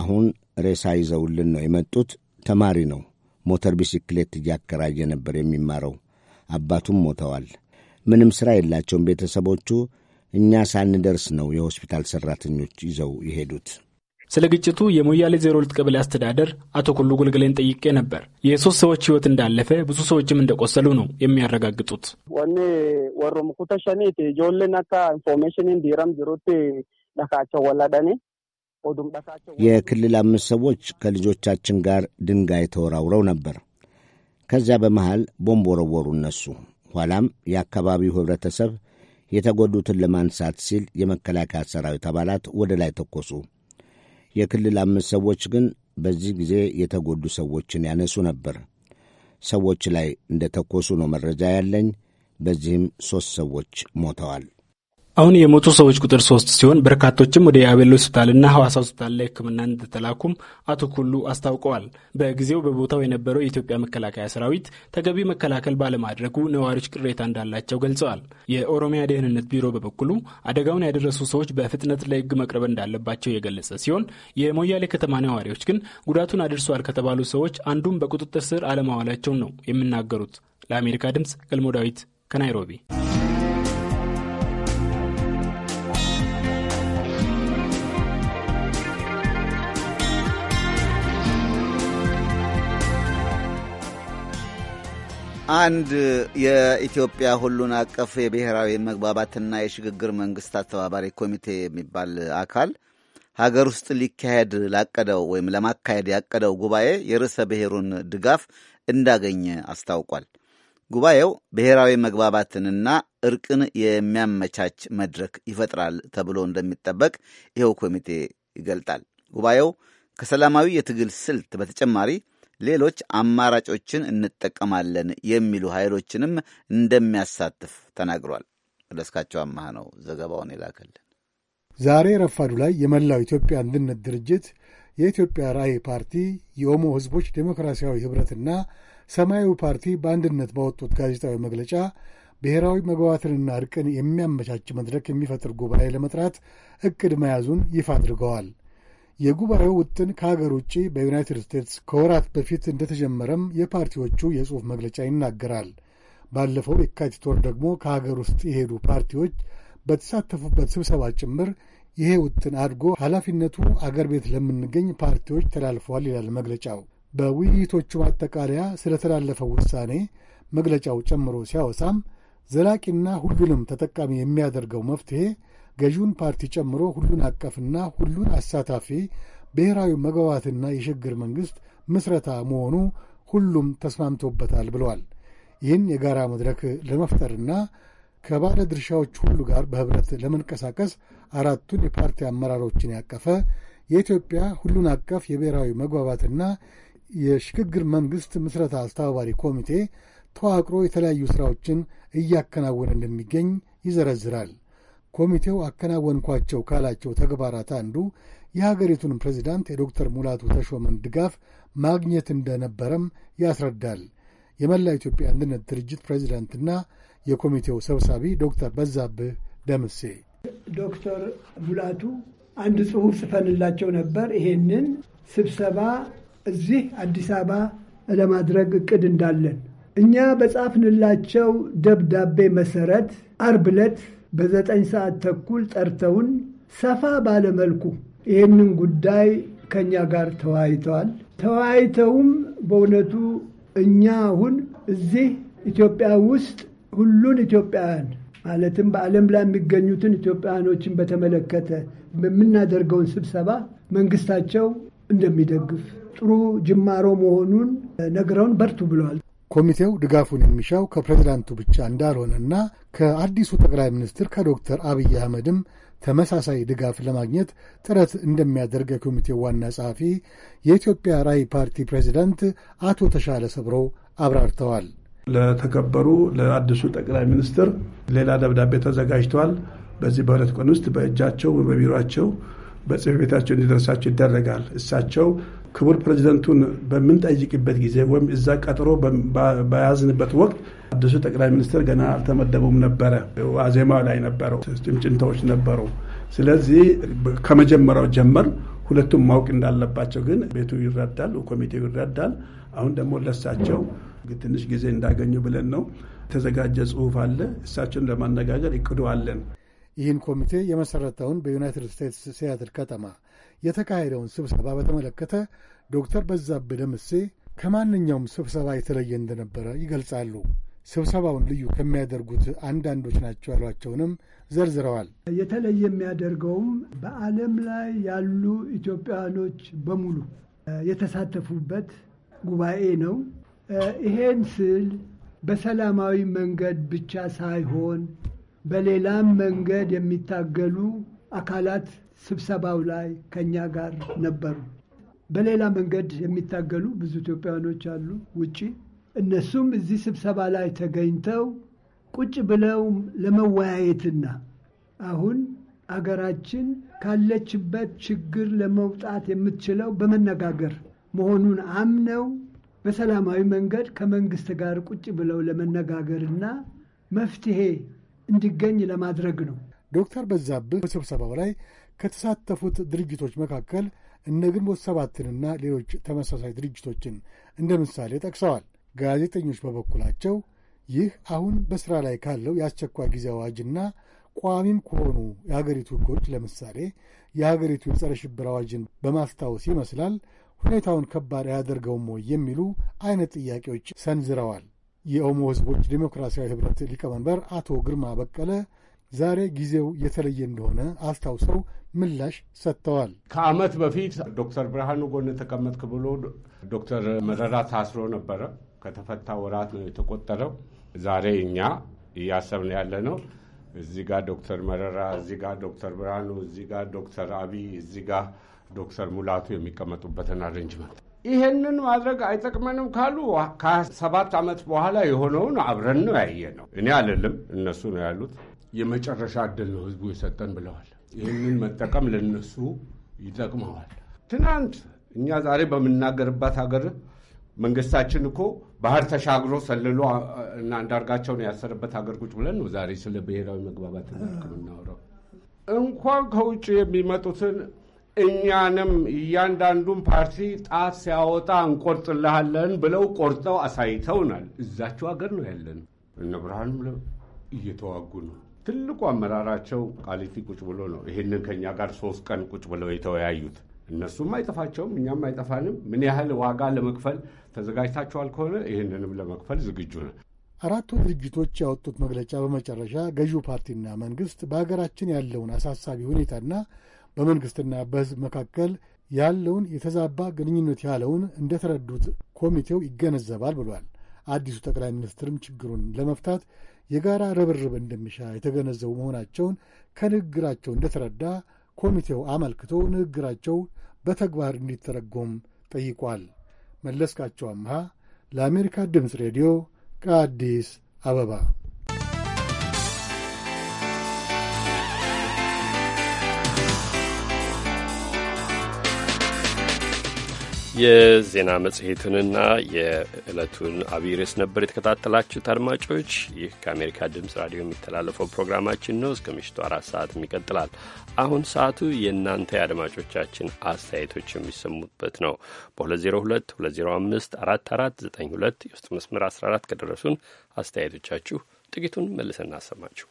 አሁን ሬሳ ይዘውልን ነው የመጡት። ተማሪ ነው። ሞተር ቢስክሌት እያከራየ ነበር የሚማረው። አባቱም ሞተዋል። ምንም ሥራ የላቸውም ቤተሰቦቹ። እኛ ሳንደርስ ነው የሆስፒታል ሠራተኞች ይዘው የሄዱት። ስለ ግጭቱ የሞያሌ 02 ቀበሌ አስተዳደር አቶ ኩሉ ጉልግሌን ጠይቄ ነበር። የሶስት ሰዎች ህይወት እንዳለፈ ብዙ ሰዎችም እንደቆሰሉ ነው የሚያረጋግጡት። ወኔ ወሮም ኩተሸኒት ጆልን አካ ኢንፎርሜሽን እንዲረም ጅሩት ለካቸው ወላዳኔ የክልል አምስት ሰዎች ከልጆቻችን ጋር ድንጋይ ተወራውረው ነበር። ከዚያ በመሃል ቦምብ ወረወሩ እነሱ። ኋላም የአካባቢው ህብረተሰብ የተጎዱትን ለማንሳት ሲል የመከላከያ ሰራዊት አባላት ወደ ላይ ተኮሱ። የክልል አምስት ሰዎች ግን በዚህ ጊዜ የተጎዱ ሰዎችን ያነሱ ነበር። ሰዎች ላይ እንደ ተኮሱ ነው መረጃ ያለኝ። በዚህም ሦስት ሰዎች ሞተዋል። አሁን የሞቱ ሰዎች ቁጥር ሶስት ሲሆን በርካቶችም ወደ አቤል ሆስፒታልና ሐዋሳ ሆስፒታል ላይ ሕክምና እንደተላኩም አቶ ኩሉ አስታውቀዋል። በጊዜው በቦታው የነበረው የኢትዮጵያ መከላከያ ሰራዊት ተገቢ መከላከል ባለማድረጉ ነዋሪዎች ቅሬታ እንዳላቸው ገልጸዋል። የኦሮሚያ ደህንነት ቢሮ በበኩሉ አደጋውን ያደረሱ ሰዎች በፍጥነት ለሕግ መቅረብ እንዳለባቸው የገለጸ ሲሆን የሞያሌ ከተማ ነዋሪዎች ግን ጉዳቱን አድርሰዋል ከተባሉ ሰዎች አንዱም በቁጥጥር ስር አለማዋላቸውን ነው የሚናገሩት። ለአሜሪካ ድምፅ ገልሞ ዳዊት ከናይሮቢ አንድ የኢትዮጵያ ሁሉን አቀፍ የብሔራዊ መግባባትና የሽግግር መንግስት አስተባባሪ ኮሚቴ የሚባል አካል ሀገር ውስጥ ሊካሄድ ላቀደው ወይም ለማካሄድ ያቀደው ጉባኤ የርዕሰ ብሔሩን ድጋፍ እንዳገኘ አስታውቋል። ጉባኤው ብሔራዊ መግባባትንና እርቅን የሚያመቻች መድረክ ይፈጥራል ተብሎ እንደሚጠበቅ ይኸው ኮሚቴ ይገልጣል። ጉባኤው ከሰላማዊ የትግል ስልት በተጨማሪ ሌሎች አማራጮችን እንጠቀማለን የሚሉ ኃይሎችንም እንደሚያሳትፍ ተናግሯል። መለስካቸው አማህ ነው ዘገባውን የላከልን። ዛሬ ረፋዱ ላይ የመላው ኢትዮጵያ አንድነት ድርጅት፣ የኢትዮጵያ ራዕይ ፓርቲ፣ የኦሞ ህዝቦች ዴሞክራሲያዊ ኅብረትና ሰማያዊ ፓርቲ በአንድነት ባወጡት ጋዜጣዊ መግለጫ ብሔራዊ መግባባትንና እርቅን የሚያመቻች መድረክ የሚፈጥር ጉባኤ ለመጥራት እቅድ መያዙን ይፋ አድርገዋል። የጉባኤው ውጥን ከሀገር ውጭ በዩናይትድ ስቴትስ ከወራት በፊት እንደተጀመረም የፓርቲዎቹ የጽሑፍ መግለጫ ይናገራል። ባለፈው የካቲት ወር ደግሞ ከሀገር ውስጥ የሄዱ ፓርቲዎች በተሳተፉበት ስብሰባ ጭምር ይሄ ውጥን አድጎ ኃላፊነቱ አገር ቤት ለምንገኝ ፓርቲዎች ተላልፈዋል ይላል መግለጫው። በውይይቶቹ ማጠቃለያ ስለተላለፈው ውሳኔ መግለጫው ጨምሮ ሲያወሳም ዘላቂና ሁሉንም ተጠቃሚ የሚያደርገው መፍትሔ ገዢውን ፓርቲ ጨምሮ ሁሉን አቀፍና ሁሉን አሳታፊ ብሔራዊ መግባባትና የሽግግር መንግሥት ምስረታ መሆኑ ሁሉም ተስማምቶበታል ብለዋል። ይህን የጋራ መድረክ ለመፍጠርና ከባለ ድርሻዎች ሁሉ ጋር በህብረት ለመንቀሳቀስ አራቱን የፓርቲ አመራሮችን ያቀፈ የኢትዮጵያ ሁሉን አቀፍ የብሔራዊ መግባባትና የሽግግር መንግሥት ምስረታ አስተባባሪ ኮሚቴ ተዋቅሮ የተለያዩ ሥራዎችን እያከናወነ እንደሚገኝ ይዘረዝራል። ኮሚቴው አከናወንኳቸው ካላቸው ተግባራት አንዱ የሀገሪቱን ፕሬዚዳንት የዶክተር ሙላቱ ተሾመን ድጋፍ ማግኘት እንደነበረም ያስረዳል። የመላ ኢትዮጵያ አንድነት ድርጅት ፕሬዚዳንትና የኮሚቴው ሰብሳቢ ዶክተር በዛብህ ደምሴ ዶክተር ሙላቱ አንድ ጽሑፍ ጽፈንላቸው ነበር። ይሄንን ስብሰባ እዚህ አዲስ አበባ ለማድረግ እቅድ እንዳለን እኛ በጻፍንላቸው ደብዳቤ መሰረት አርብ ዕለት በዘጠኝ ሰዓት ተኩል ጠርተውን ሰፋ ባለመልኩ ይህንን ጉዳይ ከእኛ ጋር ተወያይተዋል። ተወያይተውም በእውነቱ እኛ አሁን እዚህ ኢትዮጵያ ውስጥ ሁሉን ኢትዮጵያውያን ማለትም በዓለም ላይ የሚገኙትን ኢትዮጵያውያኖችን በተመለከተ የምናደርገውን ስብሰባ መንግስታቸው እንደሚደግፍ ጥሩ ጅማሮ መሆኑን ነግረውን በርቱ ብለዋል። ኮሚቴው ድጋፉን የሚሻው ከፕሬዚዳንቱ ብቻ እንዳልሆነና ከአዲሱ ጠቅላይ ሚኒስትር ከዶክተር አብይ አህመድም ተመሳሳይ ድጋፍ ለማግኘት ጥረት እንደሚያደርግ የኮሚቴው ዋና ጸሐፊ የኢትዮጵያ ራይ ፓርቲ ፕሬዚዳንት አቶ ተሻለ ሰብሮ አብራርተዋል። ለተከበሩ ለአዲሱ ጠቅላይ ሚኒስትር ሌላ ደብዳቤ ተዘጋጅተዋል። በዚህ በሁለት ቀን ውስጥ በእጃቸው በቢሮቸው በጽሕፈት ቤታቸው እንዲደርሳቸው ይደረጋል። እሳቸው ክቡር ፕሬዚደንቱን በምንጠይቅበት ጊዜ ወይም እዛ ቀጥሮ በያዝንበት ወቅት አዲሱ ጠቅላይ ሚኒስትር ገና አልተመደቡም ነበረ። ዋዜማው ላይ ነበረው፣ ጭምጭምታዎች ነበሩ። ስለዚህ ከመጀመሪያው ጀመር ሁለቱም ማወቅ እንዳለባቸው ግን ቤቱ ይረዳል፣ ኮሚቴው ይረዳል። አሁን ደግሞ ለሳቸው ትንሽ ጊዜ እንዳገኙ ብለን ነው የተዘጋጀ ጽሁፍ አለ። እሳቸውን ለማነጋገር እቅዱ አለን። ይህን ኮሚቴ የመሰረተውን በዩናይትድ ስቴትስ ሲያትል ከተማ የተካሄደውን ስብሰባ በተመለከተ ዶክተር በዛብህ ደምሴ ከማንኛውም ስብሰባ የተለየ እንደነበረ ይገልጻሉ። ስብሰባውን ልዩ ከሚያደርጉት አንዳንዶች ናቸው ያሏቸውንም ዘርዝረዋል። የተለየ የሚያደርገውም በዓለም ላይ ያሉ ኢትዮጵያኖች በሙሉ የተሳተፉበት ጉባኤ ነው። ይሄን ስል በሰላማዊ መንገድ ብቻ ሳይሆን በሌላም መንገድ የሚታገሉ አካላት ስብሰባው ላይ ከእኛ ጋር ነበሩ። በሌላ መንገድ የሚታገሉ ብዙ ኢትዮጵያውያኖች አሉ ውጪ። እነሱም እዚህ ስብሰባ ላይ ተገኝተው ቁጭ ብለው ለመወያየትና አሁን አገራችን ካለችበት ችግር ለመውጣት የምትችለው በመነጋገር መሆኑን አምነው በሰላማዊ መንገድ ከመንግስት ጋር ቁጭ ብለው ለመነጋገርና መፍትሄ እንዲገኝ ለማድረግ ነው። ዶክተር በዛብህ በስብሰባው ላይ ከተሳተፉት ድርጅቶች መካከል እነ ግንቦት ሰባትንና ሌሎች ተመሳሳይ ድርጅቶችን እንደ ምሳሌ ጠቅሰዋል። ጋዜጠኞች በበኩላቸው ይህ አሁን በሥራ ላይ ካለው የአስቸኳይ ጊዜ አዋጅና ቋሚም ከሆኑ የአገሪቱ ሕጎች ለምሳሌ የአገሪቱ የጸረ ሽብር አዋጅን በማስታወስ ይመስላል ሁኔታውን ከባድ አያደርገውም ወይ የሚሉ አይነት ጥያቄዎች ሰንዝረዋል። የኦሞ ሕዝቦች ዴሞክራሲያዊ ኅብረት ሊቀመንበር አቶ ግርማ በቀለ ዛሬ ጊዜው የተለየ እንደሆነ አስታውሰው ምላሽ ሰጥተዋል። ከዓመት በፊት ዶክተር ብርሃኑ ጎን ተቀመጥክ ብሎ ዶክተር መረራ ታስሮ ነበረ። ከተፈታ ወራት ነው የተቆጠረው። ዛሬ እኛ እያሰብን ያለ ነው እዚህ ጋር ዶክተር መረራ፣ እዚህ ጋር ዶክተር ብርሃኑ፣ እዚህ ጋር ዶክተር አብይ፣ እዚህ ጋር ዶክተር ሙላቱ የሚቀመጡበትን አረንጅመንት ይሄንን ማድረግ አይጠቅመንም ካሉ ከሰባት ዓመት በኋላ የሆነውን አብረን ነው ያየ ነው። እኔ አልልም፣ እነሱ ነው ያሉት። የመጨረሻ እድል ነው ህዝቡ የሰጠን ብለዋል። ይህንን መጠቀም ለነሱ ይጠቅመዋል። ትናንት እኛ ዛሬ በምናገርባት ሀገር መንግስታችን እኮ ባህር ተሻግሮ ሰልሎ እና አንዳርጋቸውን ያሰረበት ሀገር ቁጭ ብለን ነው ዛሬ ስለ ብሔራዊ መግባባት የምናወራው። እንኳን ከውጭ የሚመጡትን እኛንም እያንዳንዱን ፓርቲ ጣት ሲያወጣ እንቆርጥልሃለን ብለው ቆርጠው አሳይተውናል። እዛቸው ሀገር ነው ያለን። እነ ብርሃንም እየተዋጉ ነው ትልቁ አመራራቸው ቃሊቲ ቁጭ ብሎ ነው ይህንን ከኛ ጋር ሶስት ቀን ቁጭ ብለው የተወያዩት። እነሱም አይጠፋቸውም፣ እኛም አይጠፋንም። ምን ያህል ዋጋ ለመክፈል ተዘጋጅታችኋል ከሆነ ይህንንም ለመክፈል ዝግጁ ነው። አራቱ ድርጅቶች ያወጡት መግለጫ በመጨረሻ ገዢው ፓርቲና መንግስት በሀገራችን ያለውን አሳሳቢ ሁኔታና በመንግስትና በህዝብ መካከል ያለውን የተዛባ ግንኙነት ያለውን እንደተረዱት ኮሚቴው ይገነዘባል ብሏል። አዲሱ ጠቅላይ ሚኒስትርም ችግሩን ለመፍታት የጋራ ርብርብ እንደሚሻ የተገነዘቡ መሆናቸውን ከንግግራቸው እንደተረዳ ኮሚቴው አመልክቶ ንግግራቸው በተግባር እንዲተረጎም ጠይቋል። መለስካቸው አምሃ ለአሜሪካ ድምፅ ሬዲዮ ከአዲስ አበባ የዜና መጽሔቱንና የዕለቱን አብይ ርዕስ ነበር የተከታተላችሁት አድማጮች። ይህ ከአሜሪካ ድምፅ ራዲዮ የሚተላለፈው ፕሮግራማችን ነው። እስከ ምሽቱ አራት ሰዓትም ይቀጥላል። አሁን ሰዓቱ የእናንተ የአድማጮቻችን አስተያየቶች የሚሰሙበት ነው። 2022054492 205 የውስጥ መስመር 14 ከደረሱን አስተያየቶቻችሁ ጥቂቱን መልሰን እናሰማችሁ።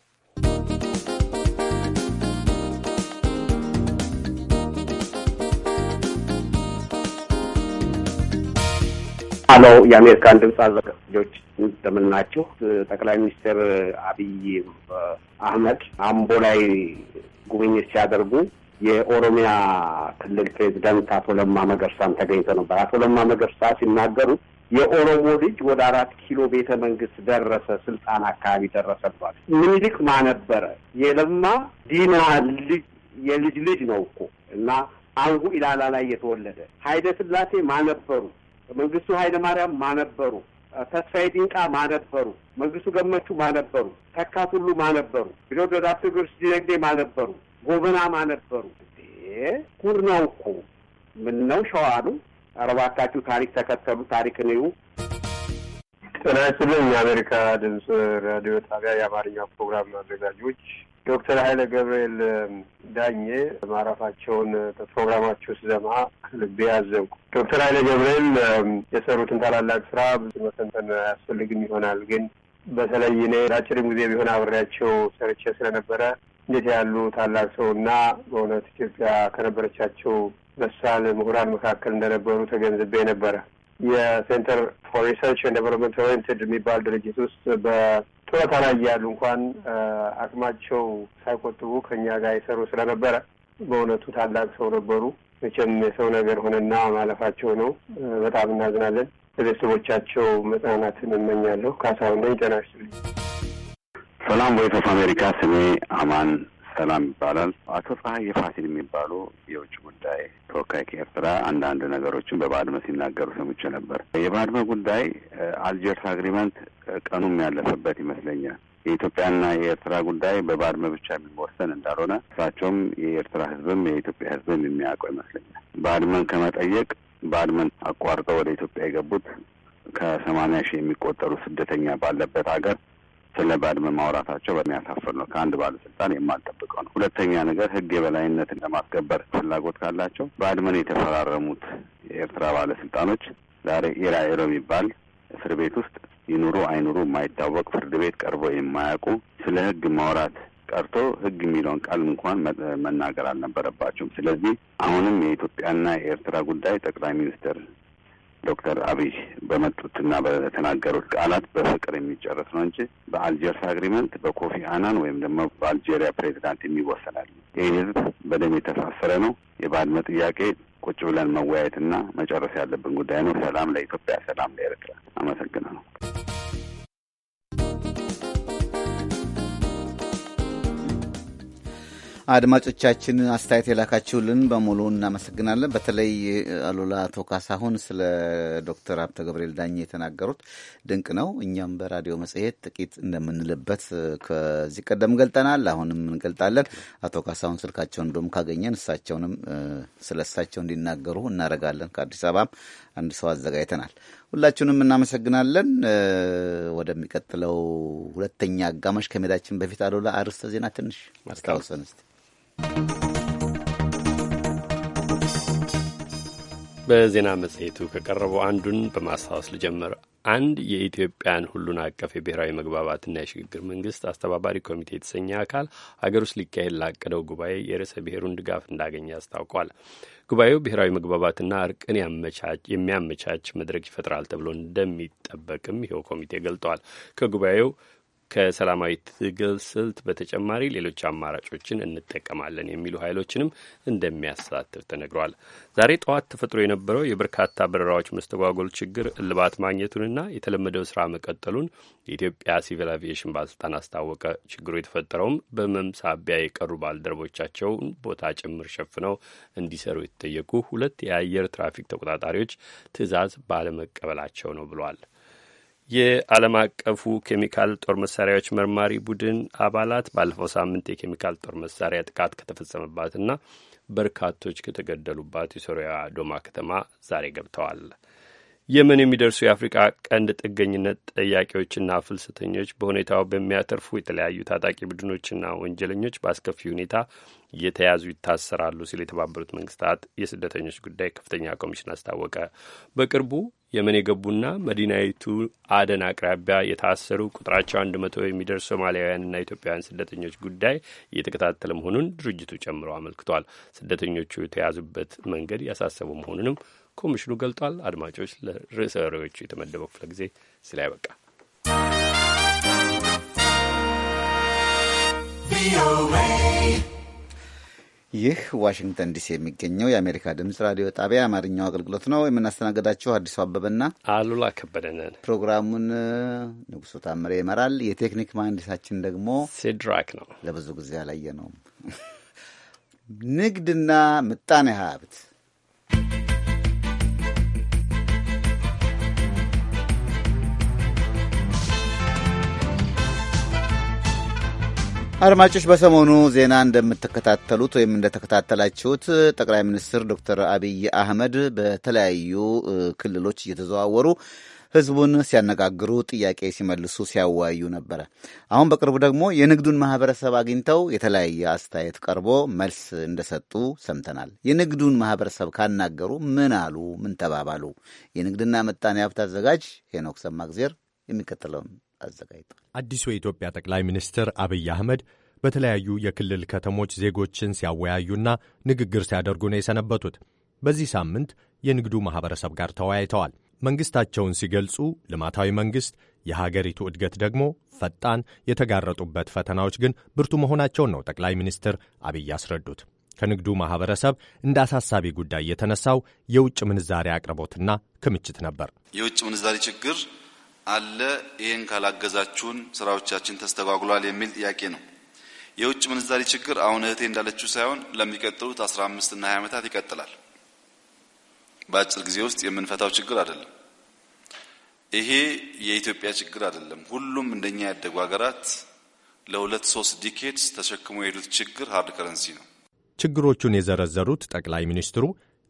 ሀሎ የአሜሪካን ድምፅ አዘጋጆች እንደምናችሁ። ጠቅላይ ሚኒስትር አብይ አህመድ አምቦ ላይ ጉብኝት ሲያደርጉ የኦሮሚያ ክልል ፕሬዚዳንት አቶ ለማ መገርሳን ተገኝተው ነበር። አቶ ለማ መገርሳ ሲናገሩ የኦሮሞ ልጅ ወደ አራት ኪሎ ቤተ መንግስት ደረሰ፣ ስልጣን አካባቢ ደረሰ ብሏል። ምኒልክ ማነበረ የለማ ዲና ልጅ የልጅ ልጅ ነው እኮ እና አንጉ ኢላላ ላይ የተወለደ ሀይደ ስላሴ ማነበሩ መንግስቱ ኃይለ ማርያም ማነበሩ፣ ተስፋዬ ዲንቃ ማነበሩ፣ መንግስቱ ገመቹ ማነበሩ፣ ተካት ሁሉ ማነበሩ፣ ቢሮዶ ዳፕቶ ጊዮርጊስ ዲነግዴ ማነበሩ፣ ጎበና ማነበሩ። ጉድ ነው እኮ ምን ነው ሸዋሉ። አረባካችሁ ታሪክ ተከተሉ፣ ታሪክን እዩ። ጤና ይስጥልኝ። የአሜሪካ ድምፅ ራዲዮ ጣቢያ የአማርኛ ፕሮግራም አዘጋጆች ዶክተር ኃይለ ገብርኤል ዳኜ ማረፋቸውን በፕሮግራማቸው ስዘማ ልቤ ያዘንኩ። ዶክተር ኃይለ ገብርኤል የሰሩትን ታላላቅ ስራ ብዙ መተንተን አያስፈልግም ይሆናል። ግን በተለይ እኔ ለአጭርም ጊዜ ቢሆን አብሬያቸው ሰርቼ ስለነበረ እንዴት ያሉ ታላቅ ሰው እና በእውነት ኢትዮጵያ ከነበረቻቸው በሳል ምሁራን መካከል እንደነበሩ ተገንዝቤ ነበረ። የሴንተር ፎር ሪሰርች ዴቨሎፕመንት ኦሪንትድ የሚባል ድርጅት ውስጥ በጡረታ ላይ እያሉ እንኳን አቅማቸው ሳይቆጥቡ ከኛ ጋር የሰሩ ስለነበረ በእውነቱ ታላቅ ሰው ነበሩ። መቼም የሰው ነገር ሆነና ማለፋቸው ነው። በጣም እናዝናለን። ለቤተሰቦቻቸው መጽናናትን እመኛለሁ። ካሳሁን ነኝ። ጤና ይስጥልኝ። ሰላም ቮይስ ኦፍ አሜሪካ። ስሜ አማን ሰላም ይባላል። አቶ ፀሐይ የፋሲል የሚባሉ የውጭ ጉዳይ ተወካይ ከኤርትራ አንዳንድ ነገሮችን በባድመ ሲናገሩ ሰምቼ ነበር። የባድመ ጉዳይ አልጀርስ አግሪመንት ቀኑም ያለፈበት ይመስለኛል። የኢትዮጵያና የኤርትራ ጉዳይ በባድመ ብቻ የሚወሰን እንዳልሆነ እሳቸውም የኤርትራ ሕዝብም የኢትዮጵያ ሕዝብም የሚያውቀው ይመስለኛል። ባድመን ከመጠየቅ ባድመን አቋርጠው ወደ ኢትዮጵያ የገቡት ከሰማንያ ሺህ የሚቆጠሩ ስደተኛ ባለበት ሀገር ስለ ባድመ ማውራታቸው በሚያሳፍር ነው። ከአንድ ባለስልጣን የማልጠብቀው ነው። ሁለተኛ ነገር ህግ የበላይነትን ለማስከበር ፍላጎት ካላቸው ባድመን የተፈራረሙት የኤርትራ ባለስልጣኖች ዛሬ ኢራኤሮ የሚባል እስር ቤት ውስጥ ይኑሩ አይኑሩ የማይታወቅ ፍርድ ቤት ቀርቦ የማያውቁ ስለ ህግ ማውራት ቀርቶ ህግ የሚለውን ቃል እንኳን መናገር አልነበረባቸውም። ስለዚህ አሁንም የኢትዮጵያና የኤርትራ ጉዳይ ጠቅላይ ሚኒስትር ዶክተር አብይ በመጡትና በተናገሩት ቃላት በፍቅር የሚጨረስ ነው እንጂ በአልጀርስ አግሪመንት በኮፊ አናን ወይም ደግሞ በአልጄሪያ ፕሬዚዳንት የሚወሰናል። ይህ ህዝብ በደም የተሳሰረ ነው። የባድመ ጥያቄ ቁጭ ብለን መወያየትና መጨረስ ያለብን ጉዳይ ነው። ሰላም ለኢትዮጵያ፣ ሰላም ለኤርትራ። አመሰግናለሁ። አድማጮቻችን አስተያየት የላካችሁልን በሙሉ እናመሰግናለን። በተለይ አሉላ አቶ ካሳሁን ስለ ዶክተር ሀብተ ገብርኤል ዳኜ የተናገሩት ድንቅ ነው። እኛም በራዲዮ መጽሔት ጥቂት እንደምንልበት ከዚህ ቀደም ገልጠናል፣ አሁንም እንገልጣለን። አቶ ካሳሁን ስልካቸውን እንደውም ካገኘን እሳቸውንም ስለ እሳቸው እንዲናገሩ እናደርጋለን። ከአዲስ አበባም አንድ ሰው አዘጋጅተናል። ሁላችሁንም እናመሰግናለን። ወደሚቀጥለው ሁለተኛ አጋማሽ ከሜዳችን በፊት አሉላ አርዕስተ ዜና ትንሽ አስታውሰን እስቲ በዜና መጽሔቱ ከቀረበው አንዱን በማስታወስ ልጀምር። አንድ የኢትዮጵያን ሁሉን አቀፍ የብሔራዊ መግባባትና የሽግግር መንግስት አስተባባሪ ኮሚቴ የተሰኘ አካል ሀገር ውስጥ ሊካሄድ ላቀደው ጉባኤ የርዕሰ ብሔሩን ድጋፍ እንዳገኘ አስታውቋል። ጉባኤው ብሔራዊ መግባባትና እርቅን የሚያመቻች መድረክ ይፈጥራል ተብሎ እንደሚጠበቅም ይኸው ኮሚቴ ገልጧል። ከጉባኤው ከሰላማዊ ትግል ስልት በተጨማሪ ሌሎች አማራጮችን እንጠቀማለን የሚሉ ኃይሎችንም እንደሚያሳትፍ ተነግሯል። ዛሬ ጠዋት ተፈጥሮ የነበረው የበርካታ በረራዎች መስተጓጎል ችግር እልባት ማግኘቱንና የተለመደው ስራ መቀጠሉን የኢትዮጵያ ሲቪል አቪዬሽን ባለስልጣን አስታወቀ። ችግሩ የተፈጠረውም በህመም ሳቢያ የቀሩ ባልደረቦቻቸውን ቦታ ጭምር ሸፍነው እንዲሰሩ የተጠየቁ ሁለት የአየር ትራፊክ ተቆጣጣሪዎች ትዕዛዝ ባለመቀበላቸው ነው ብሏል። የዓለም አቀፉ ኬሚካል ጦር መሳሪያዎች መርማሪ ቡድን አባላት ባለፈው ሳምንት የኬሚካል ጦር መሳሪያ ጥቃት ከተፈጸመባትና በርካቶች ከተገደሉባት የሶሪያ ዶማ ከተማ ዛሬ ገብተዋል። የመን የሚደርሱ የአፍሪቃ ቀንድ ጥገኝነት ጠያቂዎችና ፍልሰተኞች በሁኔታው በሚያተርፉ የተለያዩ ታጣቂ ቡድኖችና ወንጀለኞች በአስከፊ ሁኔታ እየተያዙ ይታሰራሉ ሲል የተባበሩት መንግስታት የስደተኞች ጉዳይ ከፍተኛ ኮሚሽን አስታወቀ። በቅርቡ የመን የገቡና መዲናይቱ አደን አቅራቢያ የታሰሩ ቁጥራቸው አንድ መቶ የሚደርስ ሶማሊያውያንና ኢትዮጵያውያን ስደተኞች ጉዳይ እየተከታተለ መሆኑን ድርጅቱ ጨምሮ አመልክቷል። ስደተኞቹ የተያዙበት መንገድ ያሳሰቡ መሆኑንም ኮሚሽኑ ገልጧል። አድማጮች፣ ለርዕሰ ወሬዎቹ የተመደበው ክፍለ ጊዜ ስለ ያበቃ ይህ ዋሽንግተን ዲሲ የሚገኘው የአሜሪካ ድምጽ ራዲዮ ጣቢያ የአማርኛው አገልግሎት ነው። የምናስተናገዳችሁ አዲሱ አበበና አሉላ ከበደነን። ፕሮግራሙን ንጉሱ ታምሬ ይመራል። የቴክኒክ መሀንዲሳችን ደግሞ ሲድራክ ነው። ለብዙ ጊዜ አላየ ነው። ንግድና ምጣኔ ሀብት አድማጮች በሰሞኑ ዜና እንደምትከታተሉት ወይም እንደተከታተላችሁት ጠቅላይ ሚኒስትር ዶክተር አብይ አህመድ በተለያዩ ክልሎች እየተዘዋወሩ ህዝቡን ሲያነጋግሩ፣ ጥያቄ ሲመልሱ፣ ሲያወያዩ ነበረ። አሁን በቅርቡ ደግሞ የንግዱን ማህበረሰብ አግኝተው የተለያየ አስተያየት ቀርቦ መልስ እንደሰጡ ሰምተናል። የንግዱን ማህበረሰብ ካናገሩ ምን አሉ? ምን ተባባሉ? የንግድና ምጣኔ ሀብት አዘጋጅ ሄኖክ ሰማግዜር የሚከተለውን አዘጋጅቷል። አዲሱ የኢትዮጵያ ጠቅላይ ሚኒስትር አብይ አህመድ በተለያዩ የክልል ከተሞች ዜጎችን ሲያወያዩና ንግግር ሲያደርጉ ነው የሰነበቱት። በዚህ ሳምንት የንግዱ ማኅበረሰብ ጋር ተወያይተዋል። መንግሥታቸውን ሲገልጹ ልማታዊ መንግሥት፣ የሀገሪቱ እድገት ደግሞ ፈጣን፣ የተጋረጡበት ፈተናዎች ግን ብርቱ መሆናቸውን ነው ጠቅላይ ሚኒስትር አብይ ያስረዱት። ከንግዱ ማኅበረሰብ እንደ አሳሳቢ ጉዳይ የተነሳው የውጭ ምንዛሪ አቅርቦትና ክምችት ነበር። የውጭ ምንዛሪ ችግር አለ። ይህን ካላገዛችሁን ስራዎቻችን ተስተጓጉሏል የሚል ጥያቄ ነው። የውጭ ምንዛሪ ችግር አሁን እህቴ እንዳለችው ሳይሆን ለሚቀጥሉት አስራ አምስት እና ሀያ ዓመታት ይቀጥላል። በአጭር ጊዜ ውስጥ የምንፈታው ችግር አይደለም። ይሄ የኢትዮጵያ ችግር አይደለም። ሁሉም እንደኛ ያደጉ ሀገራት ለሁለት ሶስት ዲኬድስ ተሸክሞ የሄዱት ችግር ሃርድ ከረንሲ ነው። ችግሮቹን የዘረዘሩት ጠቅላይ ሚኒስትሩ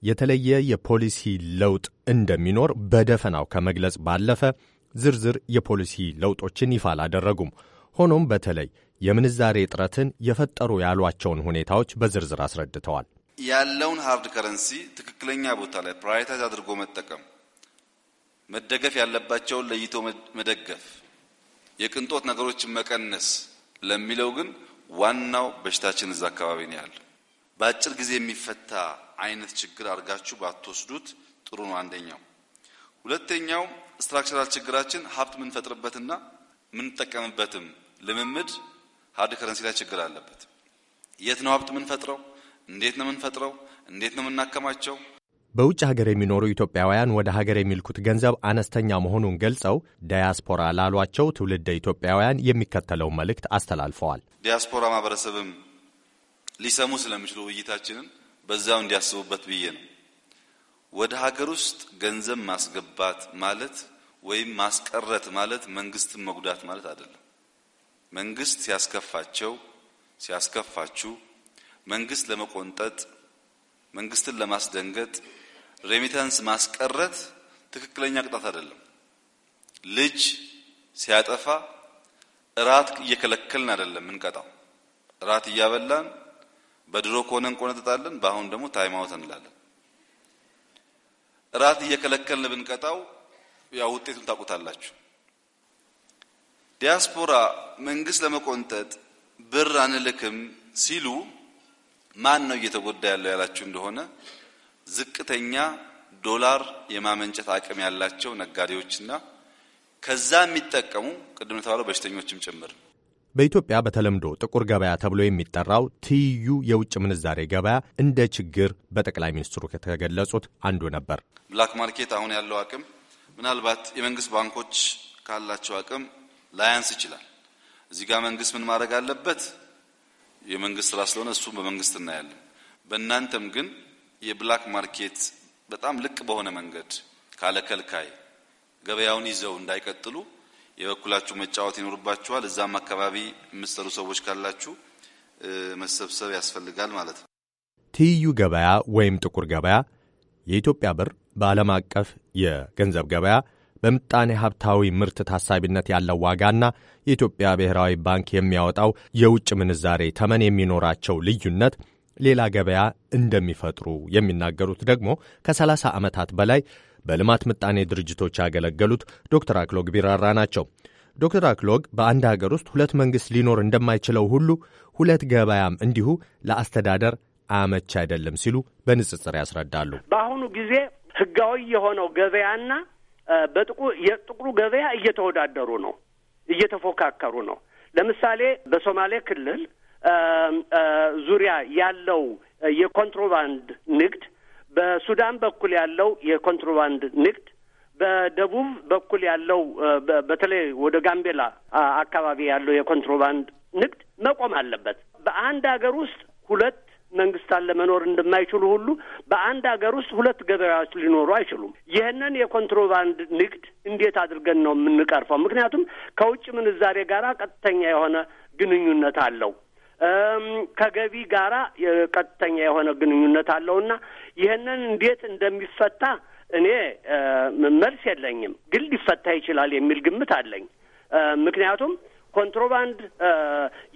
የተለየ የፖሊሲ ለውጥ እንደሚኖር በደፈናው ከመግለጽ ባለፈ ዝርዝር የፖሊሲ ለውጦችን ይፋ አላደረጉም። ሆኖም በተለይ የምንዛሬ እጥረትን የፈጠሩ ያሏቸውን ሁኔታዎች በዝርዝር አስረድተዋል። ያለውን ሃርድ ከረንሲ ትክክለኛ ቦታ ላይ ፕራዮሪታይዝ አድርጎ መጠቀም፣ መደገፍ ያለባቸውን ለይቶ መደገፍ፣ የቅንጦት ነገሮችን መቀነስ ለሚለው ግን ዋናው በሽታችን እዛ አካባቢ ነው ያለ። በአጭር ጊዜ የሚፈታ አይነት ችግር አድርጋችሁ ባትወስዱት ጥሩ ነው። አንደኛው። ሁለተኛው ስትራክቸራል ችግራችን ሀብት የምንፈጥርበትና የምንጠቀምበትም ልምምድ ሀርድ ከረንሲ ላይ ችግር አለበት። የት ነው ሀብት የምንፈጥረው? እንዴት ነው የምንፈጥረው? እንዴት ነው የምናከማቸው? በውጭ ሀገር የሚኖሩ ኢትዮጵያውያን ወደ ሀገር የሚልኩት ገንዘብ አነስተኛ መሆኑን ገልጸው ዳያስፖራ ላሏቸው ትውልደ ኢትዮጵያውያን የሚከተለው መልእክት አስተላልፈዋል። ዲያስፖራ ማህበረሰብም ሊሰሙ ስለሚችሉ ውይይታችንን በዛው እንዲያስቡበት ብዬ ነው። ወደ ሀገር ውስጥ ገንዘብ ማስገባት ማለት ወይም ማስቀረት ማለት መንግስትን መጉዳት ማለት አይደለም። መንግስት ሲያስከፋቸው ሲያስከፋችሁ፣ መንግስት ለመቆንጠጥ፣ መንግስትን ለማስደንገጥ ሬሚታንስ ማስቀረት ትክክለኛ ቅጣት አይደለም። ልጅ ሲያጠፋ እራት እየከለከልን አይደለም ምንቀጣው። እራት እያበላን በድሮ ከሆነ እንቆነጥጣለን፣ በአሁን ደግሞ ታይም አውት እንላለን። ጥራት እየከለከልን ብንቀጣው ያው ውጤቱን ታውቁታላችሁ። ዲያስፖራ መንግስት ለመቆንጠጥ ብር አንልክም ሲሉ ማን ነው እየተጎዳ ያለው ያላችሁ እንደሆነ ዝቅተኛ ዶላር የማመንጨት አቅም ያላቸው ነጋዴዎችና ከዛ የሚጠቀሙ ቅድም የተባለው በሽተኞችም ጭምር በኢትዮጵያ በተለምዶ ጥቁር ገበያ ተብሎ የሚጠራው ትይዩ የውጭ ምንዛሬ ገበያ እንደ ችግር በጠቅላይ ሚኒስትሩ ከተገለጹት አንዱ ነበር። ብላክ ማርኬት አሁን ያለው አቅም ምናልባት የመንግስት ባንኮች ካላቸው አቅም ላያንስ ይችላል። እዚህ ጋር መንግስት ምን ማድረግ አለበት? የመንግስት ስራ ስለሆነ እሱም በመንግስት እናያለን። በእናንተም ግን የብላክ ማርኬት በጣም ልቅ በሆነ መንገድ ካለከልካይ ገበያውን ይዘው እንዳይቀጥሉ የበኩላችሁ መጫወት ይኖርባችኋል። እዛም አካባቢ የምትሰሩ ሰዎች ካላችሁ መሰብሰብ ያስፈልጋል ማለት ነው። ትይዩ ገበያ ወይም ጥቁር ገበያ የኢትዮጵያ ብር በዓለም አቀፍ የገንዘብ ገበያ በምጣኔ ሀብታዊ ምርት ታሳቢነት ያለው ዋጋና የኢትዮጵያ ብሔራዊ ባንክ የሚያወጣው የውጭ ምንዛሬ ተመን የሚኖራቸው ልዩነት ሌላ ገበያ እንደሚፈጥሩ የሚናገሩት ደግሞ ከ30 ዓመታት በላይ በልማት ምጣኔ ድርጅቶች ያገለገሉት ዶክተር አክሎግ ቢራራ ናቸው። ዶክተር አክሎግ በአንድ ሀገር ውስጥ ሁለት መንግሥት ሊኖር እንደማይችለው ሁሉ ሁለት ገበያም እንዲሁ ለአስተዳደር አመች አይደለም ሲሉ በንጽጽር ያስረዳሉ። በአሁኑ ጊዜ ህጋዊ የሆነው ገበያና የጥቁሩ ገበያ እየተወዳደሩ ነው፣ እየተፎካከሩ ነው። ለምሳሌ በሶማሌ ክልል ዙሪያ ያለው የኮንትሮባንድ ንግድ በሱዳን በኩል ያለው የኮንትሮባንድ ንግድ በደቡብ በኩል ያለው በተለይ ወደ ጋምቤላ አካባቢ ያለው የኮንትሮባንድ ንግድ መቆም አለበት። በአንድ ሀገር ውስጥ ሁለት መንግስታት ለመኖር እንደማይችሉ ሁሉ በአንድ ሀገር ውስጥ ሁለት ገበያዎች ሊኖሩ አይችሉም። ይህንን የኮንትሮባንድ ንግድ እንዴት አድርገን ነው የምንቀርፈው? ምክንያቱም ከውጭ ምንዛሬ ጋር ቀጥተኛ የሆነ ግንኙነት አለው። ከገቢ ጋራ ቀጥተኛ የሆነ ግንኙነት አለውና ይህንን እንዴት እንደሚፈታ እኔ መልስ የለኝም፣ ግን ሊፈታ ይችላል የሚል ግምት አለኝ። ምክንያቱም ኮንትሮባንድ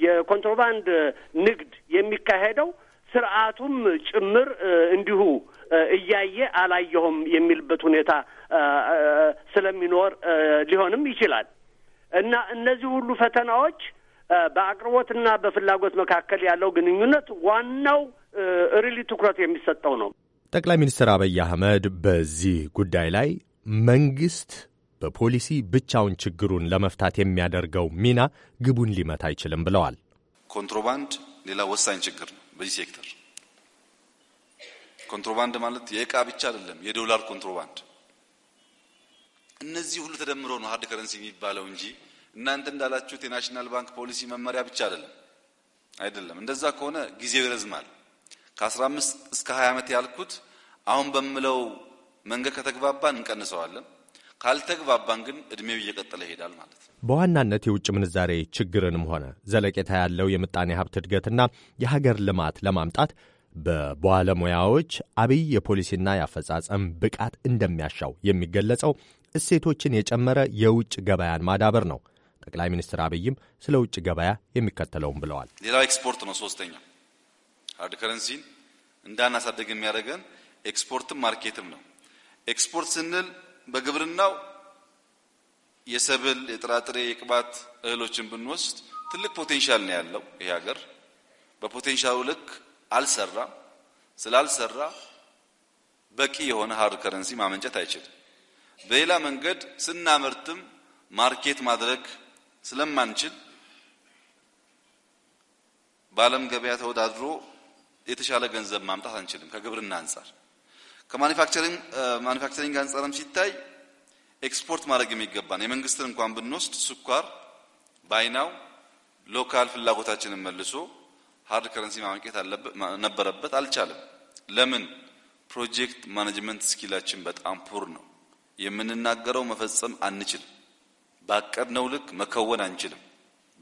የኮንትሮባንድ ንግድ የሚካሄደው ስርዓቱም ጭምር እንዲሁ እያየ አላየሁም የሚልበት ሁኔታ ስለሚኖር ሊሆንም ይችላል እና እነዚህ ሁሉ ፈተናዎች በአቅርቦትና በፍላጎት መካከል ያለው ግንኙነት ዋናው ሪሊ ትኩረት የሚሰጠው ነው። ጠቅላይ ሚኒስትር አብይ አህመድ በዚህ ጉዳይ ላይ መንግስት በፖሊሲ ብቻውን ችግሩን ለመፍታት የሚያደርገው ሚና ግቡን ሊመታ አይችልም ብለዋል። ኮንትሮባንድ ሌላ ወሳኝ ችግር ነው በዚህ ሴክተር። ኮንትሮባንድ ማለት የእቃ ብቻ አይደለም፣ የዶላር ኮንትሮባንድ። እነዚህ ሁሉ ተደምሮ ነው ሀርድ ከረንሲ የሚባለው እንጂ እናንተ እንዳላችሁት የናሽናል ባንክ ፖሊሲ መመሪያ ብቻ አይደለም አይደለም። እንደዛ ከሆነ ጊዜው ይረዝማል። ከ15 እስከ 20 ዓመት ያልኩት አሁን በምለው መንገድ ከተግባባን እንቀንሰዋለን። ካልተግባባን ግን እድሜው እየቀጠለ ይሄዳል ማለት ነው። በዋናነት የውጭ ምንዛሬ ችግርንም ሆነ ዘለቄታ ያለው የምጣኔ ሀብት እድገትና የሀገር ልማት ለማምጣት በባለሙያዎች አብይ የፖሊሲና የአፈጻጸም ብቃት እንደሚያሻው የሚገለጸው እሴቶችን የጨመረ የውጭ ገበያን ማዳበር ነው። ጠቅላይ ሚኒስትር አብይም ስለ ውጭ ገበያ የሚከተለውም ብለዋል። ሌላው ኤክስፖርት ነው። ሶስተኛው ሀርድ ከረንሲን እንዳናሳደግ የሚያደርገን ኤክስፖርትም ማርኬትም ነው። ኤክስፖርት ስንል በግብርናው የሰብል፣ የጥራጥሬ፣ የቅባት እህሎችን ብንወስድ ትልቅ ፖቴንሻል ነው ያለው ይሄ ሀገር። በፖቴንሻሉ ልክ አልሰራም። ስላልሰራ በቂ የሆነ ሀርድ ከረንሲ ማመንጨት አይችልም። በሌላ መንገድ ስናመርትም ማርኬት ማድረግ ስለማንችል በዓለም ገበያ ተወዳድሮ የተሻለ ገንዘብ ማምጣት አንችልም። ከግብርና አንጻር ከማኒፋክቸሪንግ ማኒፋክቸሪንግ አንጻርም ሲታይ ኤክስፖርት ማድረግ የሚገባን የመንግስትን እንኳን ብንወስድ ስኳር ባይናው ሎካል ፍላጎታችንን መልሶ ሀርድ ከረንሲ ማመቄት ነበረበት፣ አልቻለም። ለምን? ፕሮጀክት ማኔጅመንት ስኪላችን በጣም ፑር ነው። የምንናገረው መፈጸም አንችልም። ባቀድነው ልክ መከወን አንችልም።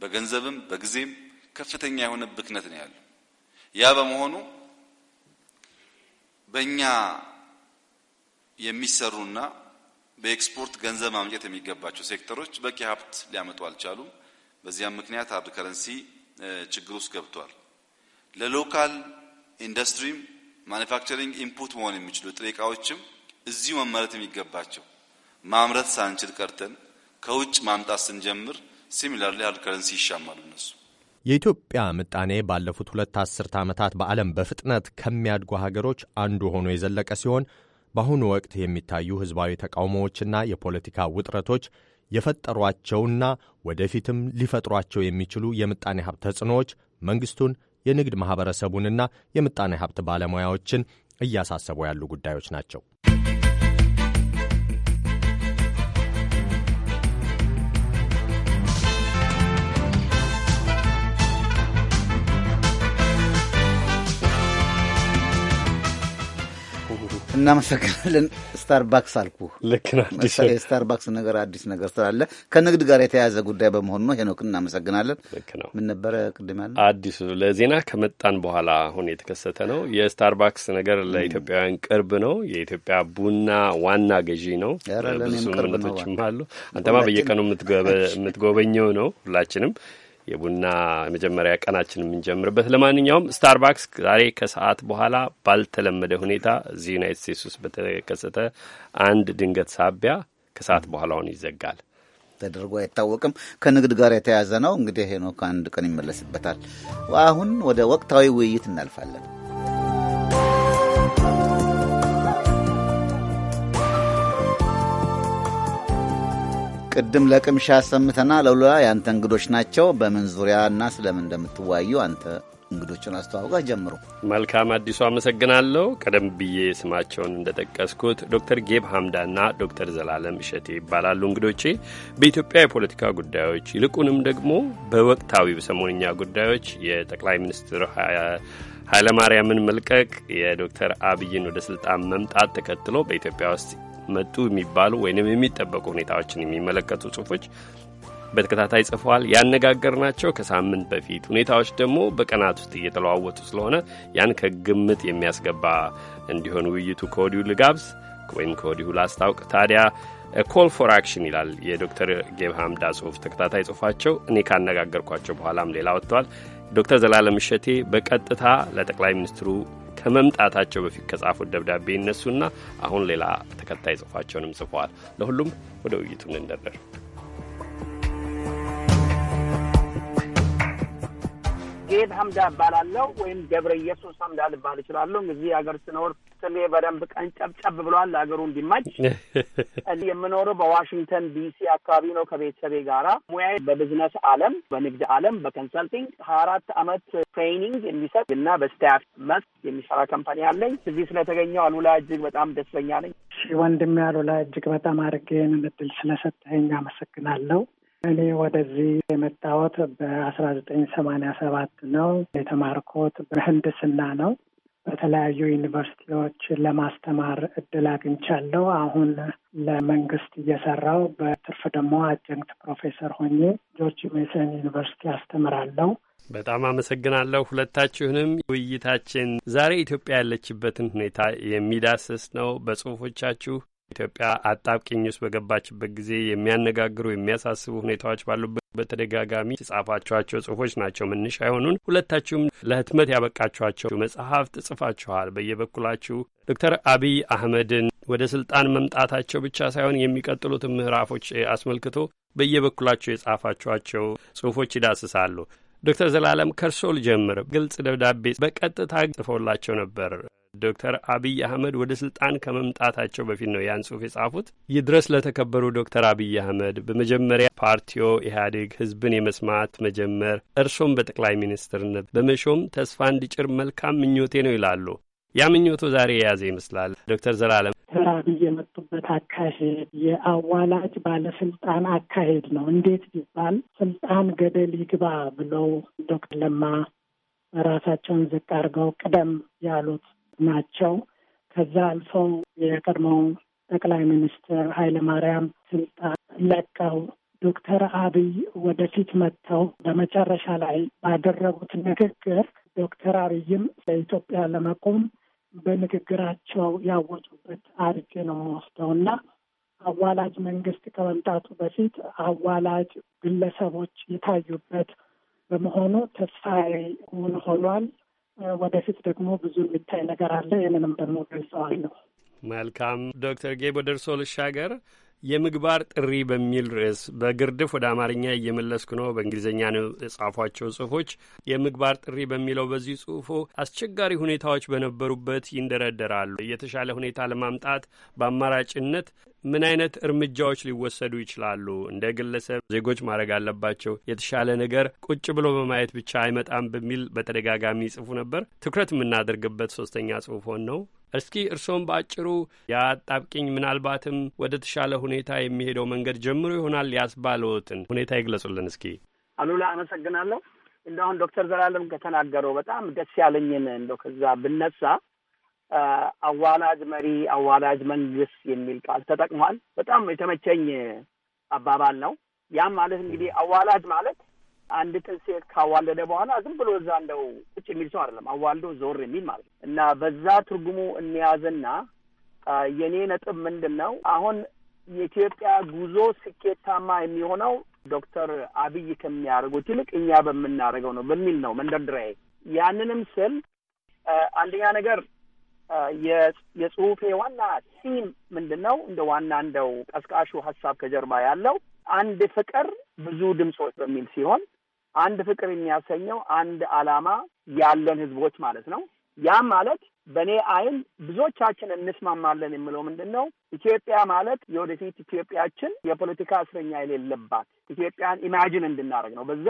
በገንዘብም በጊዜም ከፍተኛ የሆነ ብክነት ነው ያለው። ያ በመሆኑ በእኛ የሚሰሩና በኤክስፖርት ገንዘብ ማምጨት የሚገባቸው ሴክተሮች በቂ ሀብት ሊያመጡ አልቻሉም። በዚያም ምክንያት ሃርድ ከረንሲ ችግር ውስጥ ገብቷል። ለሎካል ኢንዱስትሪም ማኒፋክቸሪንግ ኢንፑት መሆን የሚችሉ ጥሬ እቃዎችም እዚሁ መመረት የሚገባቸው ማምረት ሳንችል ቀርተን ከውጭ ማምጣት ስንጀምር ሲሚላርሊ ሃርድ ከረንሲ ይሻማሉ እነሱ። የኢትዮጵያ ምጣኔ ባለፉት ሁለት አስርተ ዓመታት በዓለም በፍጥነት ከሚያድጉ ሀገሮች አንዱ ሆኖ የዘለቀ ሲሆን በአሁኑ ወቅት የሚታዩ ሕዝባዊ ተቃውሞዎችና የፖለቲካ ውጥረቶች የፈጠሯቸውና ወደፊትም ሊፈጥሯቸው የሚችሉ የምጣኔ ሀብት ተጽዕኖዎች መንግሥቱን፣ የንግድ ማኅበረሰቡንና የምጣኔ ሀብት ባለሙያዎችን እያሳሰቡ ያሉ ጉዳዮች ናቸው። እናመሰግናለን። ስታርባክስ አልኩ። ልክ ነህ። የስታርባክስ ነገር አዲስ ነገር ስላለ ከንግድ ጋር የተያያዘ ጉዳይ በመሆኑ ነው። ሄኖክ እናመሰግናለን። ልክ ነው። ምን ነበረ ቅድም ያለ አዲሱ ለዜና ከመጣን በኋላ አሁን የተከሰተ ነው። የስታርባክስ ነገር ለኢትዮጵያውያን ቅርብ ነው። የኢትዮጵያ ቡና ዋና ገዢ ነው። ብዙ ስምምነቶችም አሉ። አንተማ በየቀኑ የምትጎበኘው ነው ሁላችንም የቡና የመጀመሪያ ቀናችን የምንጀምርበት። ለማንኛውም ስታርባክስ ዛሬ ከሰዓት በኋላ ባልተለመደ ሁኔታ እዚህ ዩናይት ስቴትስ ውስጥ በተከሰተ አንድ ድንገት ሳቢያ ከሰዓት በኋላውን ይዘጋል ተደርጎ አይታወቅም። ከንግድ ጋር የተያዘ ነው እንግዲህ ሄኖክ አንድ ቀን ይመለስበታል። አሁን ወደ ወቅታዊ ውይይት እናልፋለን። ቅድም ለቅምሻ አሰምተና ለሉላ የአንተ እንግዶች ናቸው። በምን ዙሪያ እና ስለምን እንደምትወያዩ አንተ እንግዶቹን አስተዋውቀህ ጀምሮ። መልካም አዲሱ አመሰግናለሁ። ቀደም ብዬ ስማቸውን እንደጠቀስኩት ዶክተር ጌብ ሀምዳና ዶክተር ዘላለም እሸቴ ይባላሉ እንግዶቼ። በኢትዮጵያ የፖለቲካ ጉዳዮች ይልቁንም ደግሞ በወቅታዊ በሰሞንኛ ጉዳዮች የጠቅላይ ሚኒስትር ኃይለማርያምን መልቀቅ የዶክተር አብይን ወደ ስልጣን መምጣት ተከትሎ በኢትዮጵያ ውስጥ መጡ የሚባሉ ወይንም የሚጠበቁ ሁኔታዎችን የሚመለከቱ ጽሁፎች በተከታታይ ጽፈዋል። ያነጋገር ናቸው ከሳምንት በፊት ሁኔታዎች ደግሞ በቀናት ውስጥ እየተለዋወጡ ስለሆነ ያን ከግምት የሚያስገባ እንዲሆን ውይይቱ ከወዲሁ ልጋብዝ ወይም ከወዲሁ ላስታውቅ። ታዲያ ኮል ፎር አክሽን ይላል የዶክተር ሀምዳ ጽሁፍ ተከታታይ ጽሁፋቸው። እኔ ካነጋገርኳቸው በኋላም ሌላ ወጥተዋል። ዶክተር ዘላለም እሸቴ በቀጥታ ለጠቅላይ ሚኒስትሩ ከመምጣታቸው በፊት ከጻፉት ደብዳቤ ይነሱና አሁን ሌላ ተከታይ ጽሑፋቸውንም ጽፈዋል። ለሁሉም ወደ ውይይቱ እንደርደር። ዘይድ ሀምዳ እባላለሁ ወይም ገብረ ኢየሱስ ሀምዳ ልባል እችላለሁ። እንግዲህ ሀገር ስኖር ስሜ በደንብ ቀንጨብጨብ ብለዋል። ለሀገሩ እዚህ የምኖረው በዋሽንግተን ዲሲ አካባቢ ነው ከቤተሰቤ ጋራ። ሙያዬ በቢዝነስ አለም፣ በንግድ አለም፣ በኮንሰልቲንግ ሀያ አራት አመት ትሬኒንግ የሚሰጥ እና በስታፍ መስ የሚሰራ ከምፓኒ አለኝ። እዚህ ስለተገኘው አሉላ እጅግ በጣም ደስተኛ ነኝ። ወንድሜ አሉላ እጅግ በጣም አድርጌን እድል ስለሰጠኝ አመሰግናለሁ። እኔ ወደዚህ የመጣሁት በአስራ ዘጠኝ ሰማንያ ሰባት ነው። የተማርኩት በህንድስና ነው። በተለያዩ ዩኒቨርሲቲዎች ለማስተማር እድል አግኝቻለሁ። አሁን ለመንግስት እየሰራው በትርፍ ደግሞ አጀንክት ፕሮፌሰር ሆኜ ጆርጅ ሜሰን ዩኒቨርሲቲ አስተምራለሁ። በጣም አመሰግናለሁ ሁለታችሁንም። ውይይታችን ዛሬ ኢትዮጵያ ያለችበትን ሁኔታ የሚዳስስ ነው። በጽሁፎቻችሁ ኢትዮጵያ አጣብቂኝ ውስጥ በገባችበት ጊዜ የሚያነጋግሩ የሚያሳስቡ ሁኔታዎች ባሉበት በተደጋጋሚ የጻፋችኋቸው ጽሁፎች ናቸው መነሻ የሆኑን። ሁለታችሁም ለህትመት ያበቃችኋቸው መጽሐፍት ጽፋችኋል በየበኩላችሁ። ዶክተር አብይ አህመድን ወደ ስልጣን መምጣታቸው ብቻ ሳይሆን የሚቀጥሉትን ምዕራፎች አስመልክቶ በየበኩላቸው የጻፋችኋቸው ጽሁፎች ይዳስሳሉ። ዶክተር ዘላለም ከርሶ ልጀምር። ግልጽ ደብዳቤ በቀጥታ ጽፈውላቸው ነበር ዶክተር አብይ አህመድ ወደ ስልጣን ከመምጣታቸው በፊት ነው ያን ጽሁፍ የጻፉት። ይድረስ ለተከበሩ ዶክተር አብይ አህመድ በመጀመሪያ ፓርቲዎ ኢህአዴግ ህዝብን የመስማት መጀመር እርሶም በጠቅላይ ሚኒስትርነት በመሾም ተስፋ እንዲጭር መልካም ምኞቴ ነው ይላሉ። ያ ምኞቶ ዛሬ የያዘ ይመስላል። ዶክተር ዘላለም ዶክተር አብይ የመጡበት አካሄድ የአዋላጅ ባለስልጣን አካሄድ ነው። እንዴት ሲባል ስልጣን ገደል ይግባ ብለው ዶክተር ለማ ራሳቸውን ዝቅ አድርገው ቅደም ያሉት ናቸው። ከዛ አልፈው የቀድሞው ጠቅላይ ሚኒስትር ኃይለማርያም ስልጣን ለቀው ዶክተር አብይ ወደፊት መጥተው በመጨረሻ ላይ ባደረጉት ንግግር ዶክተር አብይም ለኢትዮጵያ ለመቆም በንግግራቸው ያወጡበት አድርጌ ነው መወስደው እና አዋላጅ መንግስት ከመምጣቱ በፊት አዋላጅ ግለሰቦች የታዩበት በመሆኑ ተስፋ ሆኗል። ወደፊት ደግሞ ብዙ የሚታይ ነገር አለ። ይህንንም ደግሞ ገልጸዋለሁ። መልካም ዶክተር ጌቦ ደርሶ ልሻገር የምግባር ጥሪ በሚል ርዕስ በግርድፍ ወደ አማርኛ እየመለስኩ ነው። በእንግሊዝኛ ነው የጻፏቸው ጽሁፎች። የምግባር ጥሪ በሚለው በዚህ ጽሁፎ አስቸጋሪ ሁኔታዎች በነበሩበት ይንደረደራሉ። የተሻለ ሁኔታ ለማምጣት በአማራጭነት ምን አይነት እርምጃዎች ሊወሰዱ ይችላሉ? እንደ ግለሰብ ዜጎች ማድረግ አለባቸው። የተሻለ ነገር ቁጭ ብሎ በማየት ብቻ አይመጣም በሚል በተደጋጋሚ ይጽፉ ነበር። ትኩረት የምናደርግበት ሶስተኛ ጽሁፎን ነው። እስኪ እርስዎም በአጭሩ የአጣብቂኝ ምናልባትም ወደ ተሻለ ሁኔታ የሚሄደው መንገድ ጀምሮ ይሆናል ያስባለዎትን ሁኔታ ይግለጹልን። እስኪ አሉላ፣ አመሰግናለሁ። እንደ አሁን ዶክተር ዘላለም ከተናገረው በጣም ደስ ያለኝን እንደ ከዛ ብነሳ አዋላጅ መሪ፣ አዋላጅ መንግስት የሚል ቃል ተጠቅሟል። በጣም የተመቸኝ አባባል ነው። ያም ማለት እንግዲህ አዋላጅ ማለት አንዲትን ሴት ካዋለደ በኋላ ዝም ብሎ እዛ እንደው ቁጭ የሚል ሰው አይደለም፣ አዋልዶ ዞር የሚል ማለት ነው። እና በዛ ትርጉሙ እንያዝና የኔ ነጥብ ምንድን ነው አሁን የኢትዮጵያ ጉዞ ስኬታማ የሚሆነው ዶክተር አብይ ከሚያደርጉት ይልቅ እኛ በምናደርገው ነው በሚል ነው መንደርድራዬ። ያንንም ስል አንደኛ ነገር የጽሁፌ ዋና ሲም ምንድን ነው እንደ ዋና እንደው ቀስቃሹ ሀሳብ ከጀርባ ያለው አንድ ፍቅር ብዙ ድምፆች በሚል ሲሆን አንድ ፍቅር የሚያሰኘው አንድ አላማ ያለን ህዝቦች ማለት ነው። ያም ማለት በእኔ አይን ብዙዎቻችን እንስማማለን የምለው ምንድን ነው? ኢትዮጵያ ማለት የወደፊት ኢትዮጵያችን የፖለቲካ እስረኛ የሌለባት ኢትዮጵያን ኢማጂን እንድናደርግ ነው። በዛ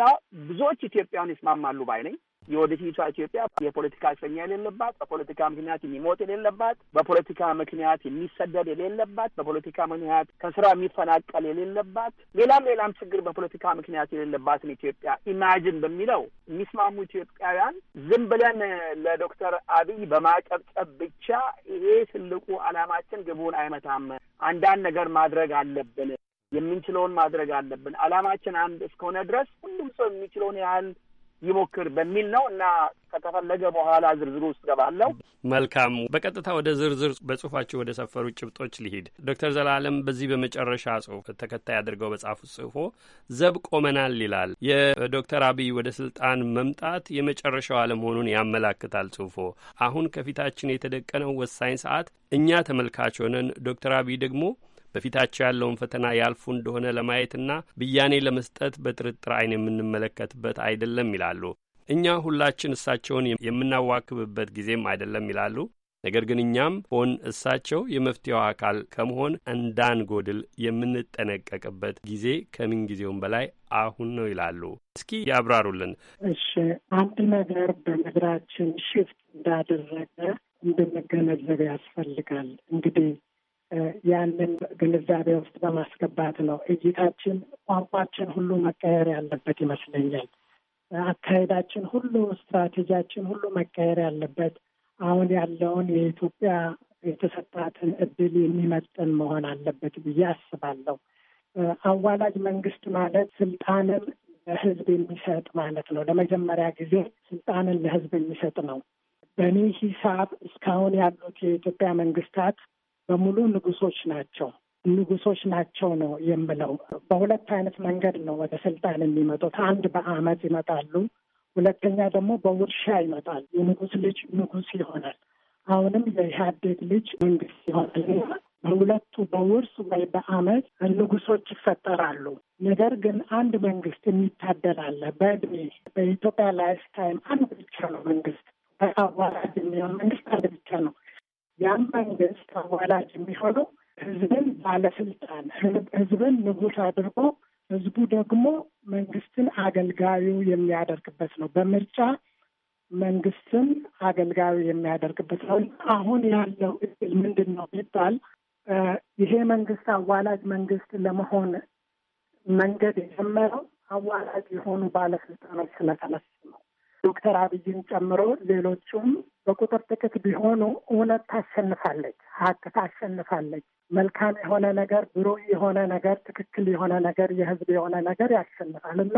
ብዙዎች ኢትዮጵያን ይስማማሉ ባይ ነኝ። የወደፊቷ ኢትዮጵያ የፖለቲካ እስረኛ የሌለባት፣ በፖለቲካ ምክንያት የሚሞት የሌለባት፣ በፖለቲካ ምክንያት የሚሰደድ የሌለባት፣ በፖለቲካ ምክንያት ከስራ የሚፈናቀል የሌለባት፣ ሌላም ሌላም ችግር በፖለቲካ ምክንያት የሌለባትን ኢትዮጵያ ኢማጅን በሚለው የሚስማሙ ኢትዮጵያውያን ዝም ብለን ለዶክተር አብይ በማጨብጨብ ብቻ ይሄ ትልቁ አላማችን ግቡን አይመታም። አንዳንድ ነገር ማድረግ አለብን። የምንችለውን ማድረግ አለብን። አላማችን አንድ እስከሆነ ድረስ ሁሉም ሰው የሚችለውን ያህል ይሞክር በሚል ነው እና ከተፈለገ በኋላ ዝርዝሩ ውስጥ ገባለሁ። መልካም። በቀጥታ ወደ ዝርዝር በጽሁፋቸው ወደ ሰፈሩ ጭብጦች ሊሄድ ዶክተር ዘላለም በዚህ በመጨረሻ ጽሁፍ ተከታይ አድርገው በጻፉ ጽሁፎ ዘብ ቆመናል ይላል። የዶክተር አብይ ወደ ስልጣን መምጣት የመጨረሻው አለመሆኑን ያመላክታል ጽሁፎ። አሁን ከፊታችን የተደቀነው ወሳኝ ሰዓት እኛ ተመልካች ሆነን ዶክተር አብይ ደግሞ በፊታቸው ያለውን ፈተና ያልፉ እንደሆነ ለማየትና ብያኔ ለመስጠት በጥርጥር ዓይን የምንመለከትበት አይደለም ይላሉ። እኛ ሁላችን እሳቸውን የምናዋክብበት ጊዜም አይደለም ይላሉ። ነገር ግን እኛም ሆን እሳቸው የመፍትሄው አካል ከመሆን እንዳንጎድል የምንጠነቀቅበት ጊዜ ከምን ጊዜውም በላይ አሁን ነው ይላሉ። እስኪ ያብራሩልን። እሺ፣ አንድ ነገር በምድራችን ሽፍት እንዳደረገ እንድንገነዘብ ያስፈልጋል። እንግዲህ ያንን ግንዛቤ ውስጥ በማስገባት ነው እይታችን፣ ቋንቋችን ሁሉ መቀየር ያለበት ይመስለኛል። አካሄዳችን ሁሉ፣ ስትራቴጂያችን ሁሉ መቀየር ያለበት አሁን ያለውን የኢትዮጵያ የተሰጣትን እድል የሚመጥን መሆን አለበት ብዬ አስባለሁ። አዋላጅ መንግስት ማለት ስልጣንን ለህዝብ የሚሰጥ ማለት ነው። ለመጀመሪያ ጊዜ ስልጣንን ለህዝብ የሚሰጥ ነው። በእኔ ሂሳብ እስካሁን ያሉት የኢትዮጵያ መንግስታት በሙሉ ንጉሶች ናቸው ንጉሶች ናቸው ነው የምለው። በሁለት አይነት መንገድ ነው ወደ ስልጣን የሚመጡት። አንድ በአመት ይመጣሉ፣ ሁለተኛ ደግሞ በውርሻ ይመጣል የንጉስ ልጅ ንጉስ ይሆናል። አሁንም የኢህአዴግ ልጅ መንግስት ይሆናል። በሁለቱ በውርስ ወይ በአመት ንጉሶች ይፈጠራሉ። ነገር ግን አንድ መንግስት የሚታደል አለ በእድሜ በኢትዮጵያ ላይፍ ታይም አንድ ብቻ ነው መንግስት በአዋራ እድሜ መንግስት አንድ ብቻ ነው። ያን መንግስት አዋላጅ የሚሆነው ህዝብን ባለስልጣን፣ ህዝብን ንጉስ አድርጎ ህዝቡ ደግሞ መንግስትን አገልጋዩ የሚያደርግበት ነው። በምርጫ መንግስትን አገልጋዩ የሚያደርግበት ነው። አሁን ያለው እድል ምንድን ነው ቢባል ይሄ መንግስት አዋላጅ መንግስት ለመሆን መንገድ የጀመረው አዋላጅ የሆኑ ባለስልጣኖች ስለተነሱ ነው። ዶክተር አብይን ጨምሮ ሌሎቹም በቁጥር ጥቂት ቢሆኑ እውነት ታሸንፋለች፣ ሀቅ ታሸንፋለች። መልካም የሆነ ነገር፣ ብሩህ የሆነ ነገር፣ ትክክል የሆነ ነገር፣ የህዝብ የሆነ ነገር ያሸንፋል እና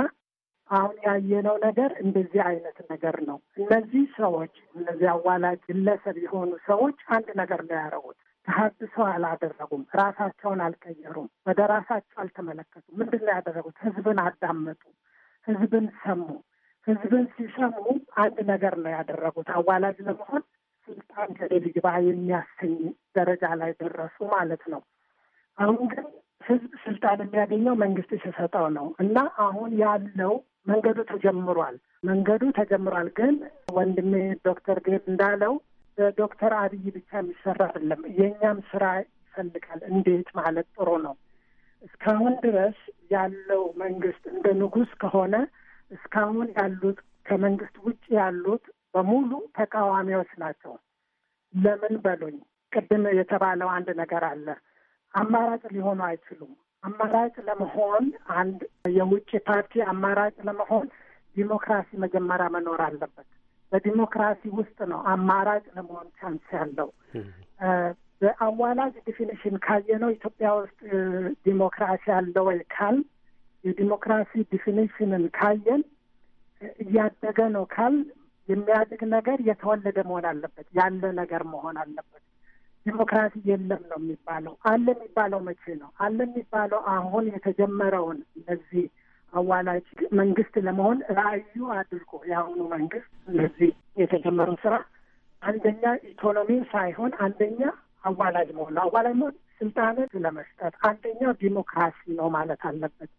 አሁን ያየነው ነገር እንደዚህ አይነት ነገር ነው። እነዚህ ሰዎች እነዚህ አዋላጅ ግለሰብ የሆኑ ሰዎች አንድ ነገር ነው ያደረጉት። ተሀድሶ አላደረጉም። ራሳቸውን አልቀየሩም። ወደ ራሳቸው አልተመለከቱም። ምንድን ነው ያደረጉት? ህዝብን አዳመጡ፣ ህዝብን ሰሙ። ህዝብን ሲሰሙ አንድ ነገር ነው ያደረጉት። አዋላጅ ለመሆን ስልጣን ከሌል ግባ የሚያሰኝ ደረጃ ላይ ደረሱ ማለት ነው። አሁን ግን ህዝብ ስልጣን የሚያገኘው መንግስት ሲሰጠው ነው እና አሁን ያለው መንገዱ ተጀምሯል። መንገዱ ተጀምሯል፣ ግን ወንድሜ ዶክተር ጌብ እንዳለው ዶክተር አብይ ብቻ የሚሰራ አይደለም። የእኛም ስራ ይፈልጋል። እንዴት ማለት ጥሩ ነው። እስካሁን ድረስ ያለው መንግስት እንደ ንጉስ ከሆነ እስካሁን ያሉት ከመንግስት ውጭ ያሉት በሙሉ ተቃዋሚዎች ናቸው። ለምን በሉኝ፣ ቅድም የተባለው አንድ ነገር አለ። አማራጭ ሊሆኑ አይችሉም። አማራጭ ለመሆን አንድ የውጭ ፓርቲ አማራጭ ለመሆን ዲሞክራሲ መጀመሪያ መኖር አለበት። በዲሞክራሲ ውስጥ ነው አማራጭ ለመሆን ቻንስ ያለው። በአዋላጅ ዲፊኒሽን ካየነው ኢትዮጵያ ውስጥ ዲሞክራሲ አለ ወይ ካል የዲሞክራሲ ዲፊኒሽንን ካየን እያደገ ነው ካል የሚያድግ ነገር የተወለደ መሆን አለበት፣ ያለ ነገር መሆን አለበት። ዲሞክራሲ የለም ነው የሚባለው። አለ የሚባለው መቼ ነው? አለ የሚባለው አሁን የተጀመረውን እነዚህ አዋላጅ መንግስት ለመሆን ራዕዩ አድርጎ የአሁኑ መንግስት እነዚህ የተጀመረው ስራ አንደኛ ኢኮኖሚ ሳይሆን አንደኛ አዋላጅ መሆን ነው። አዋላጅ መሆን ስልጣንን ለመስጠት አንደኛው ዲሞክራሲ ነው ማለት አለበት።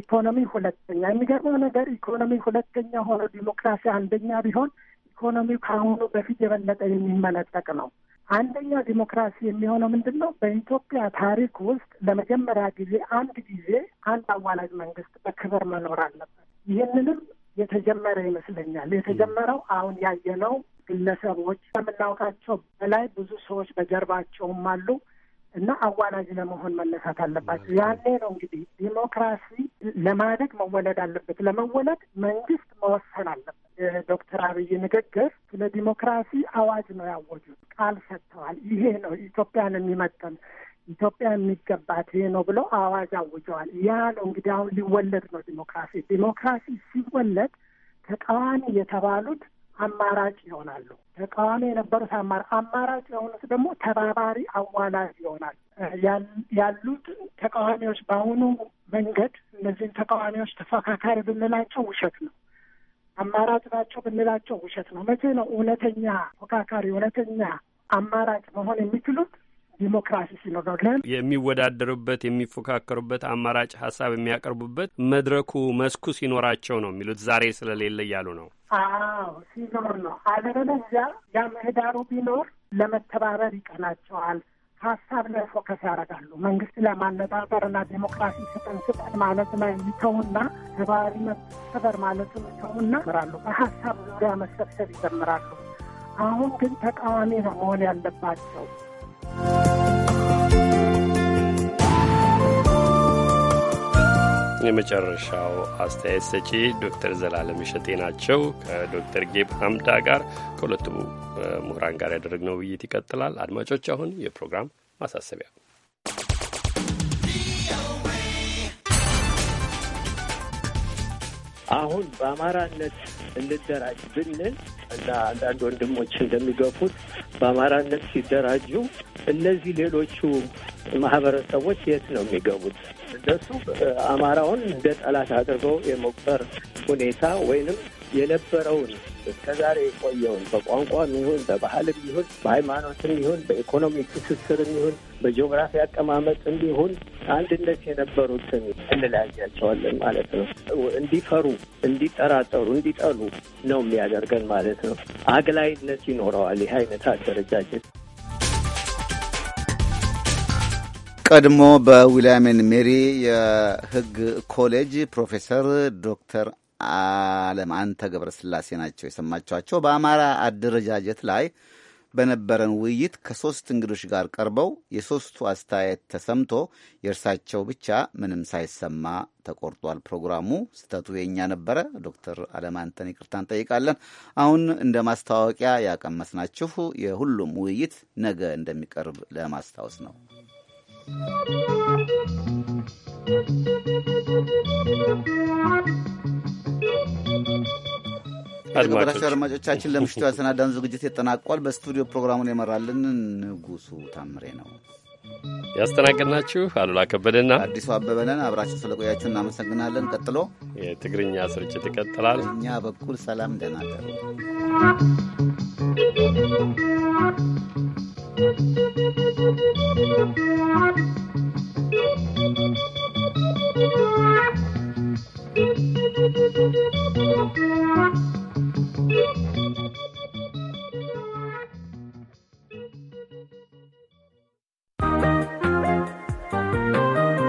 ኢኮኖሚ ሁለተኛ። የሚገርመው ነገር ኢኮኖሚ ሁለተኛ ሆኖ ዲሞክራሲ አንደኛ ቢሆን ኢኮኖሚው ከአሁኑ በፊት የበለጠ የሚመነጠቅ ነው። አንደኛ ዲሞክራሲ የሚሆነው ምንድን ነው? በኢትዮጵያ ታሪክ ውስጥ ለመጀመሪያ ጊዜ አንድ ጊዜ አንድ አዋላጅ መንግስት በክብር መኖር አለበት። ይህንንም የተጀመረ ይመስለኛል። የተጀመረው አሁን ያየነው ግለሰቦች ከምናውቃቸው በላይ ብዙ ሰዎች በጀርባቸውም አሉ እና አዋላጅ ለመሆን መነሳት አለባቸው። ያኔ ነው እንግዲህ ዲሞክራሲ ለማደግ መወለድ አለበት። ለመወለድ መንግስት መወሰን አለበት። ዶክተር አብይ ንግግር ስለ ዲሞክራሲ አዋጅ ነው ያወጁት፣ ቃል ሰጥተዋል። ይሄ ነው ኢትዮጵያን የሚመጠን ኢትዮጵያ የሚገባት ይሄ ነው ብለው አዋጅ አውጀዋል። ያ ነው እንግዲህ አሁን ሊወለድ ነው ዲሞክራሲ። ዲሞክራሲ ሲወለድ ተቃዋሚ የተባሉት አማራጭ ይሆናሉ። ተቃዋሚ የነበሩት አማር አማራጭ የሆኑት ደግሞ ተባባሪ አዋላጅ ይሆናል። ያሉት ተቃዋሚዎች በአሁኑ መንገድ እነዚህን ተቃዋሚዎች ተፎካካሪ ብንላቸው ውሸት ነው። አማራጭ ናቸው ብንላቸው ውሸት ነው። መቼ ነው እውነተኛ ተፎካካሪ እውነተኛ አማራጭ መሆን የሚችሉት? ዲሞክራሲ ሲኖር የሚወዳደሩበት፣ የሚፎካከሩበት፣ አማራጭ ሀሳብ የሚያቀርቡበት መድረኩ መስኩ ሲኖራቸው ነው የሚሉት ዛሬ ስለሌለ እያሉ ነው። አዎ ሲዞር ነው። አለበለዚያ ያ ምህዳሩ ቢኖር ለመተባበር ይቀናቸዋል። ሀሳብ ላይ ፎከስ ያደርጋሉ። መንግስት ለማነጣጠርና ዴሞክራሲ ስጠን ስጠን ማለት ላይ ይተውና ሰብአዊ መሰበር ማለትም ይተውና ምራሉ በሀሳብ ዙሪያ መሰብሰብ ይጀምራሉ። አሁን ግን ተቃዋሚ ነው መሆን ያለባቸው። Thank you. የመጨረሻው አስተያየት ሰጪ ዶክተር ዘላለም እሸቴ ናቸው። ከዶክተር ጌብ ሀምዳ ጋር ከሁለቱ ምሁራን ጋር ያደረግነው ውይይት ይቀጥላል። አድማጮች፣ አሁን የፕሮግራም ማሳሰቢያ አሁን በአማራነት እንደራጅ ብንል እና አንዳንድ ወንድሞች እንደሚገፉት በአማራነት ሲደራጁ እነዚህ ሌሎቹ ማህበረሰቦች የት ነው የሚገቡት? እነሱ አማራውን እንደ ጠላት አድርገው የመቁጠር ሁኔታ ወይንም የነበረውን እስከዛሬ የቆየውን በቋንቋም ይሁን በባህልም ይሁን በሃይማኖትም ይሁን በኢኮኖሚ ትስስርም ይሁን በጂኦግራፊ አቀማመጥም ይሁን አንድነት የነበሩትን እንለያያቸዋለን ማለት ነው። እንዲፈሩ፣ እንዲጠራጠሩ፣ እንዲጠሉ ነው የሚያደርገን ማለት ነው። አግላይነት ይኖረዋል ይህ አይነት አደረጃጀት። ቀድሞ በዊልያምን ሜሪ የሕግ ኮሌጅ ፕሮፌሰር ዶክተር አለም አንተ ገብረ ስላሴ ናቸው የሰማችኋቸው። በአማራ አደረጃጀት ላይ በነበረን ውይይት ከሶስት እንግዶች ጋር ቀርበው የሶስቱ አስተያየት ተሰምቶ የእርሳቸው ብቻ ምንም ሳይሰማ ተቆርጧል። ፕሮግራሙ ስህተቱ የእኛ ነበረ። ዶክተር አለማንተን ይቅርታ እንጠይቃለን። አሁን እንደ ማስታወቂያ ያቀመስናችሁ የሁሉም ውይይት ነገ እንደሚቀርብ ለማስታወስ ነው። Thank you. የተከበራቸው አድማጮቻችን ለምሽቱ ያሰናዳን ዝግጅት ይጠናቋል። በስቱዲዮ ፕሮግራሙን የመራልን ንጉሱ ታምሬ ነው። ያስተናገድናችሁ አሉላ ከበደና አዲሱ አበበነን። አብራችሁ ስለቆያችሁ እናመሰግናለን። ቀጥሎ የትግርኛ ስርጭት ይቀጥላል። እኛ በኩል ሰላም ደናደሩ Thank you.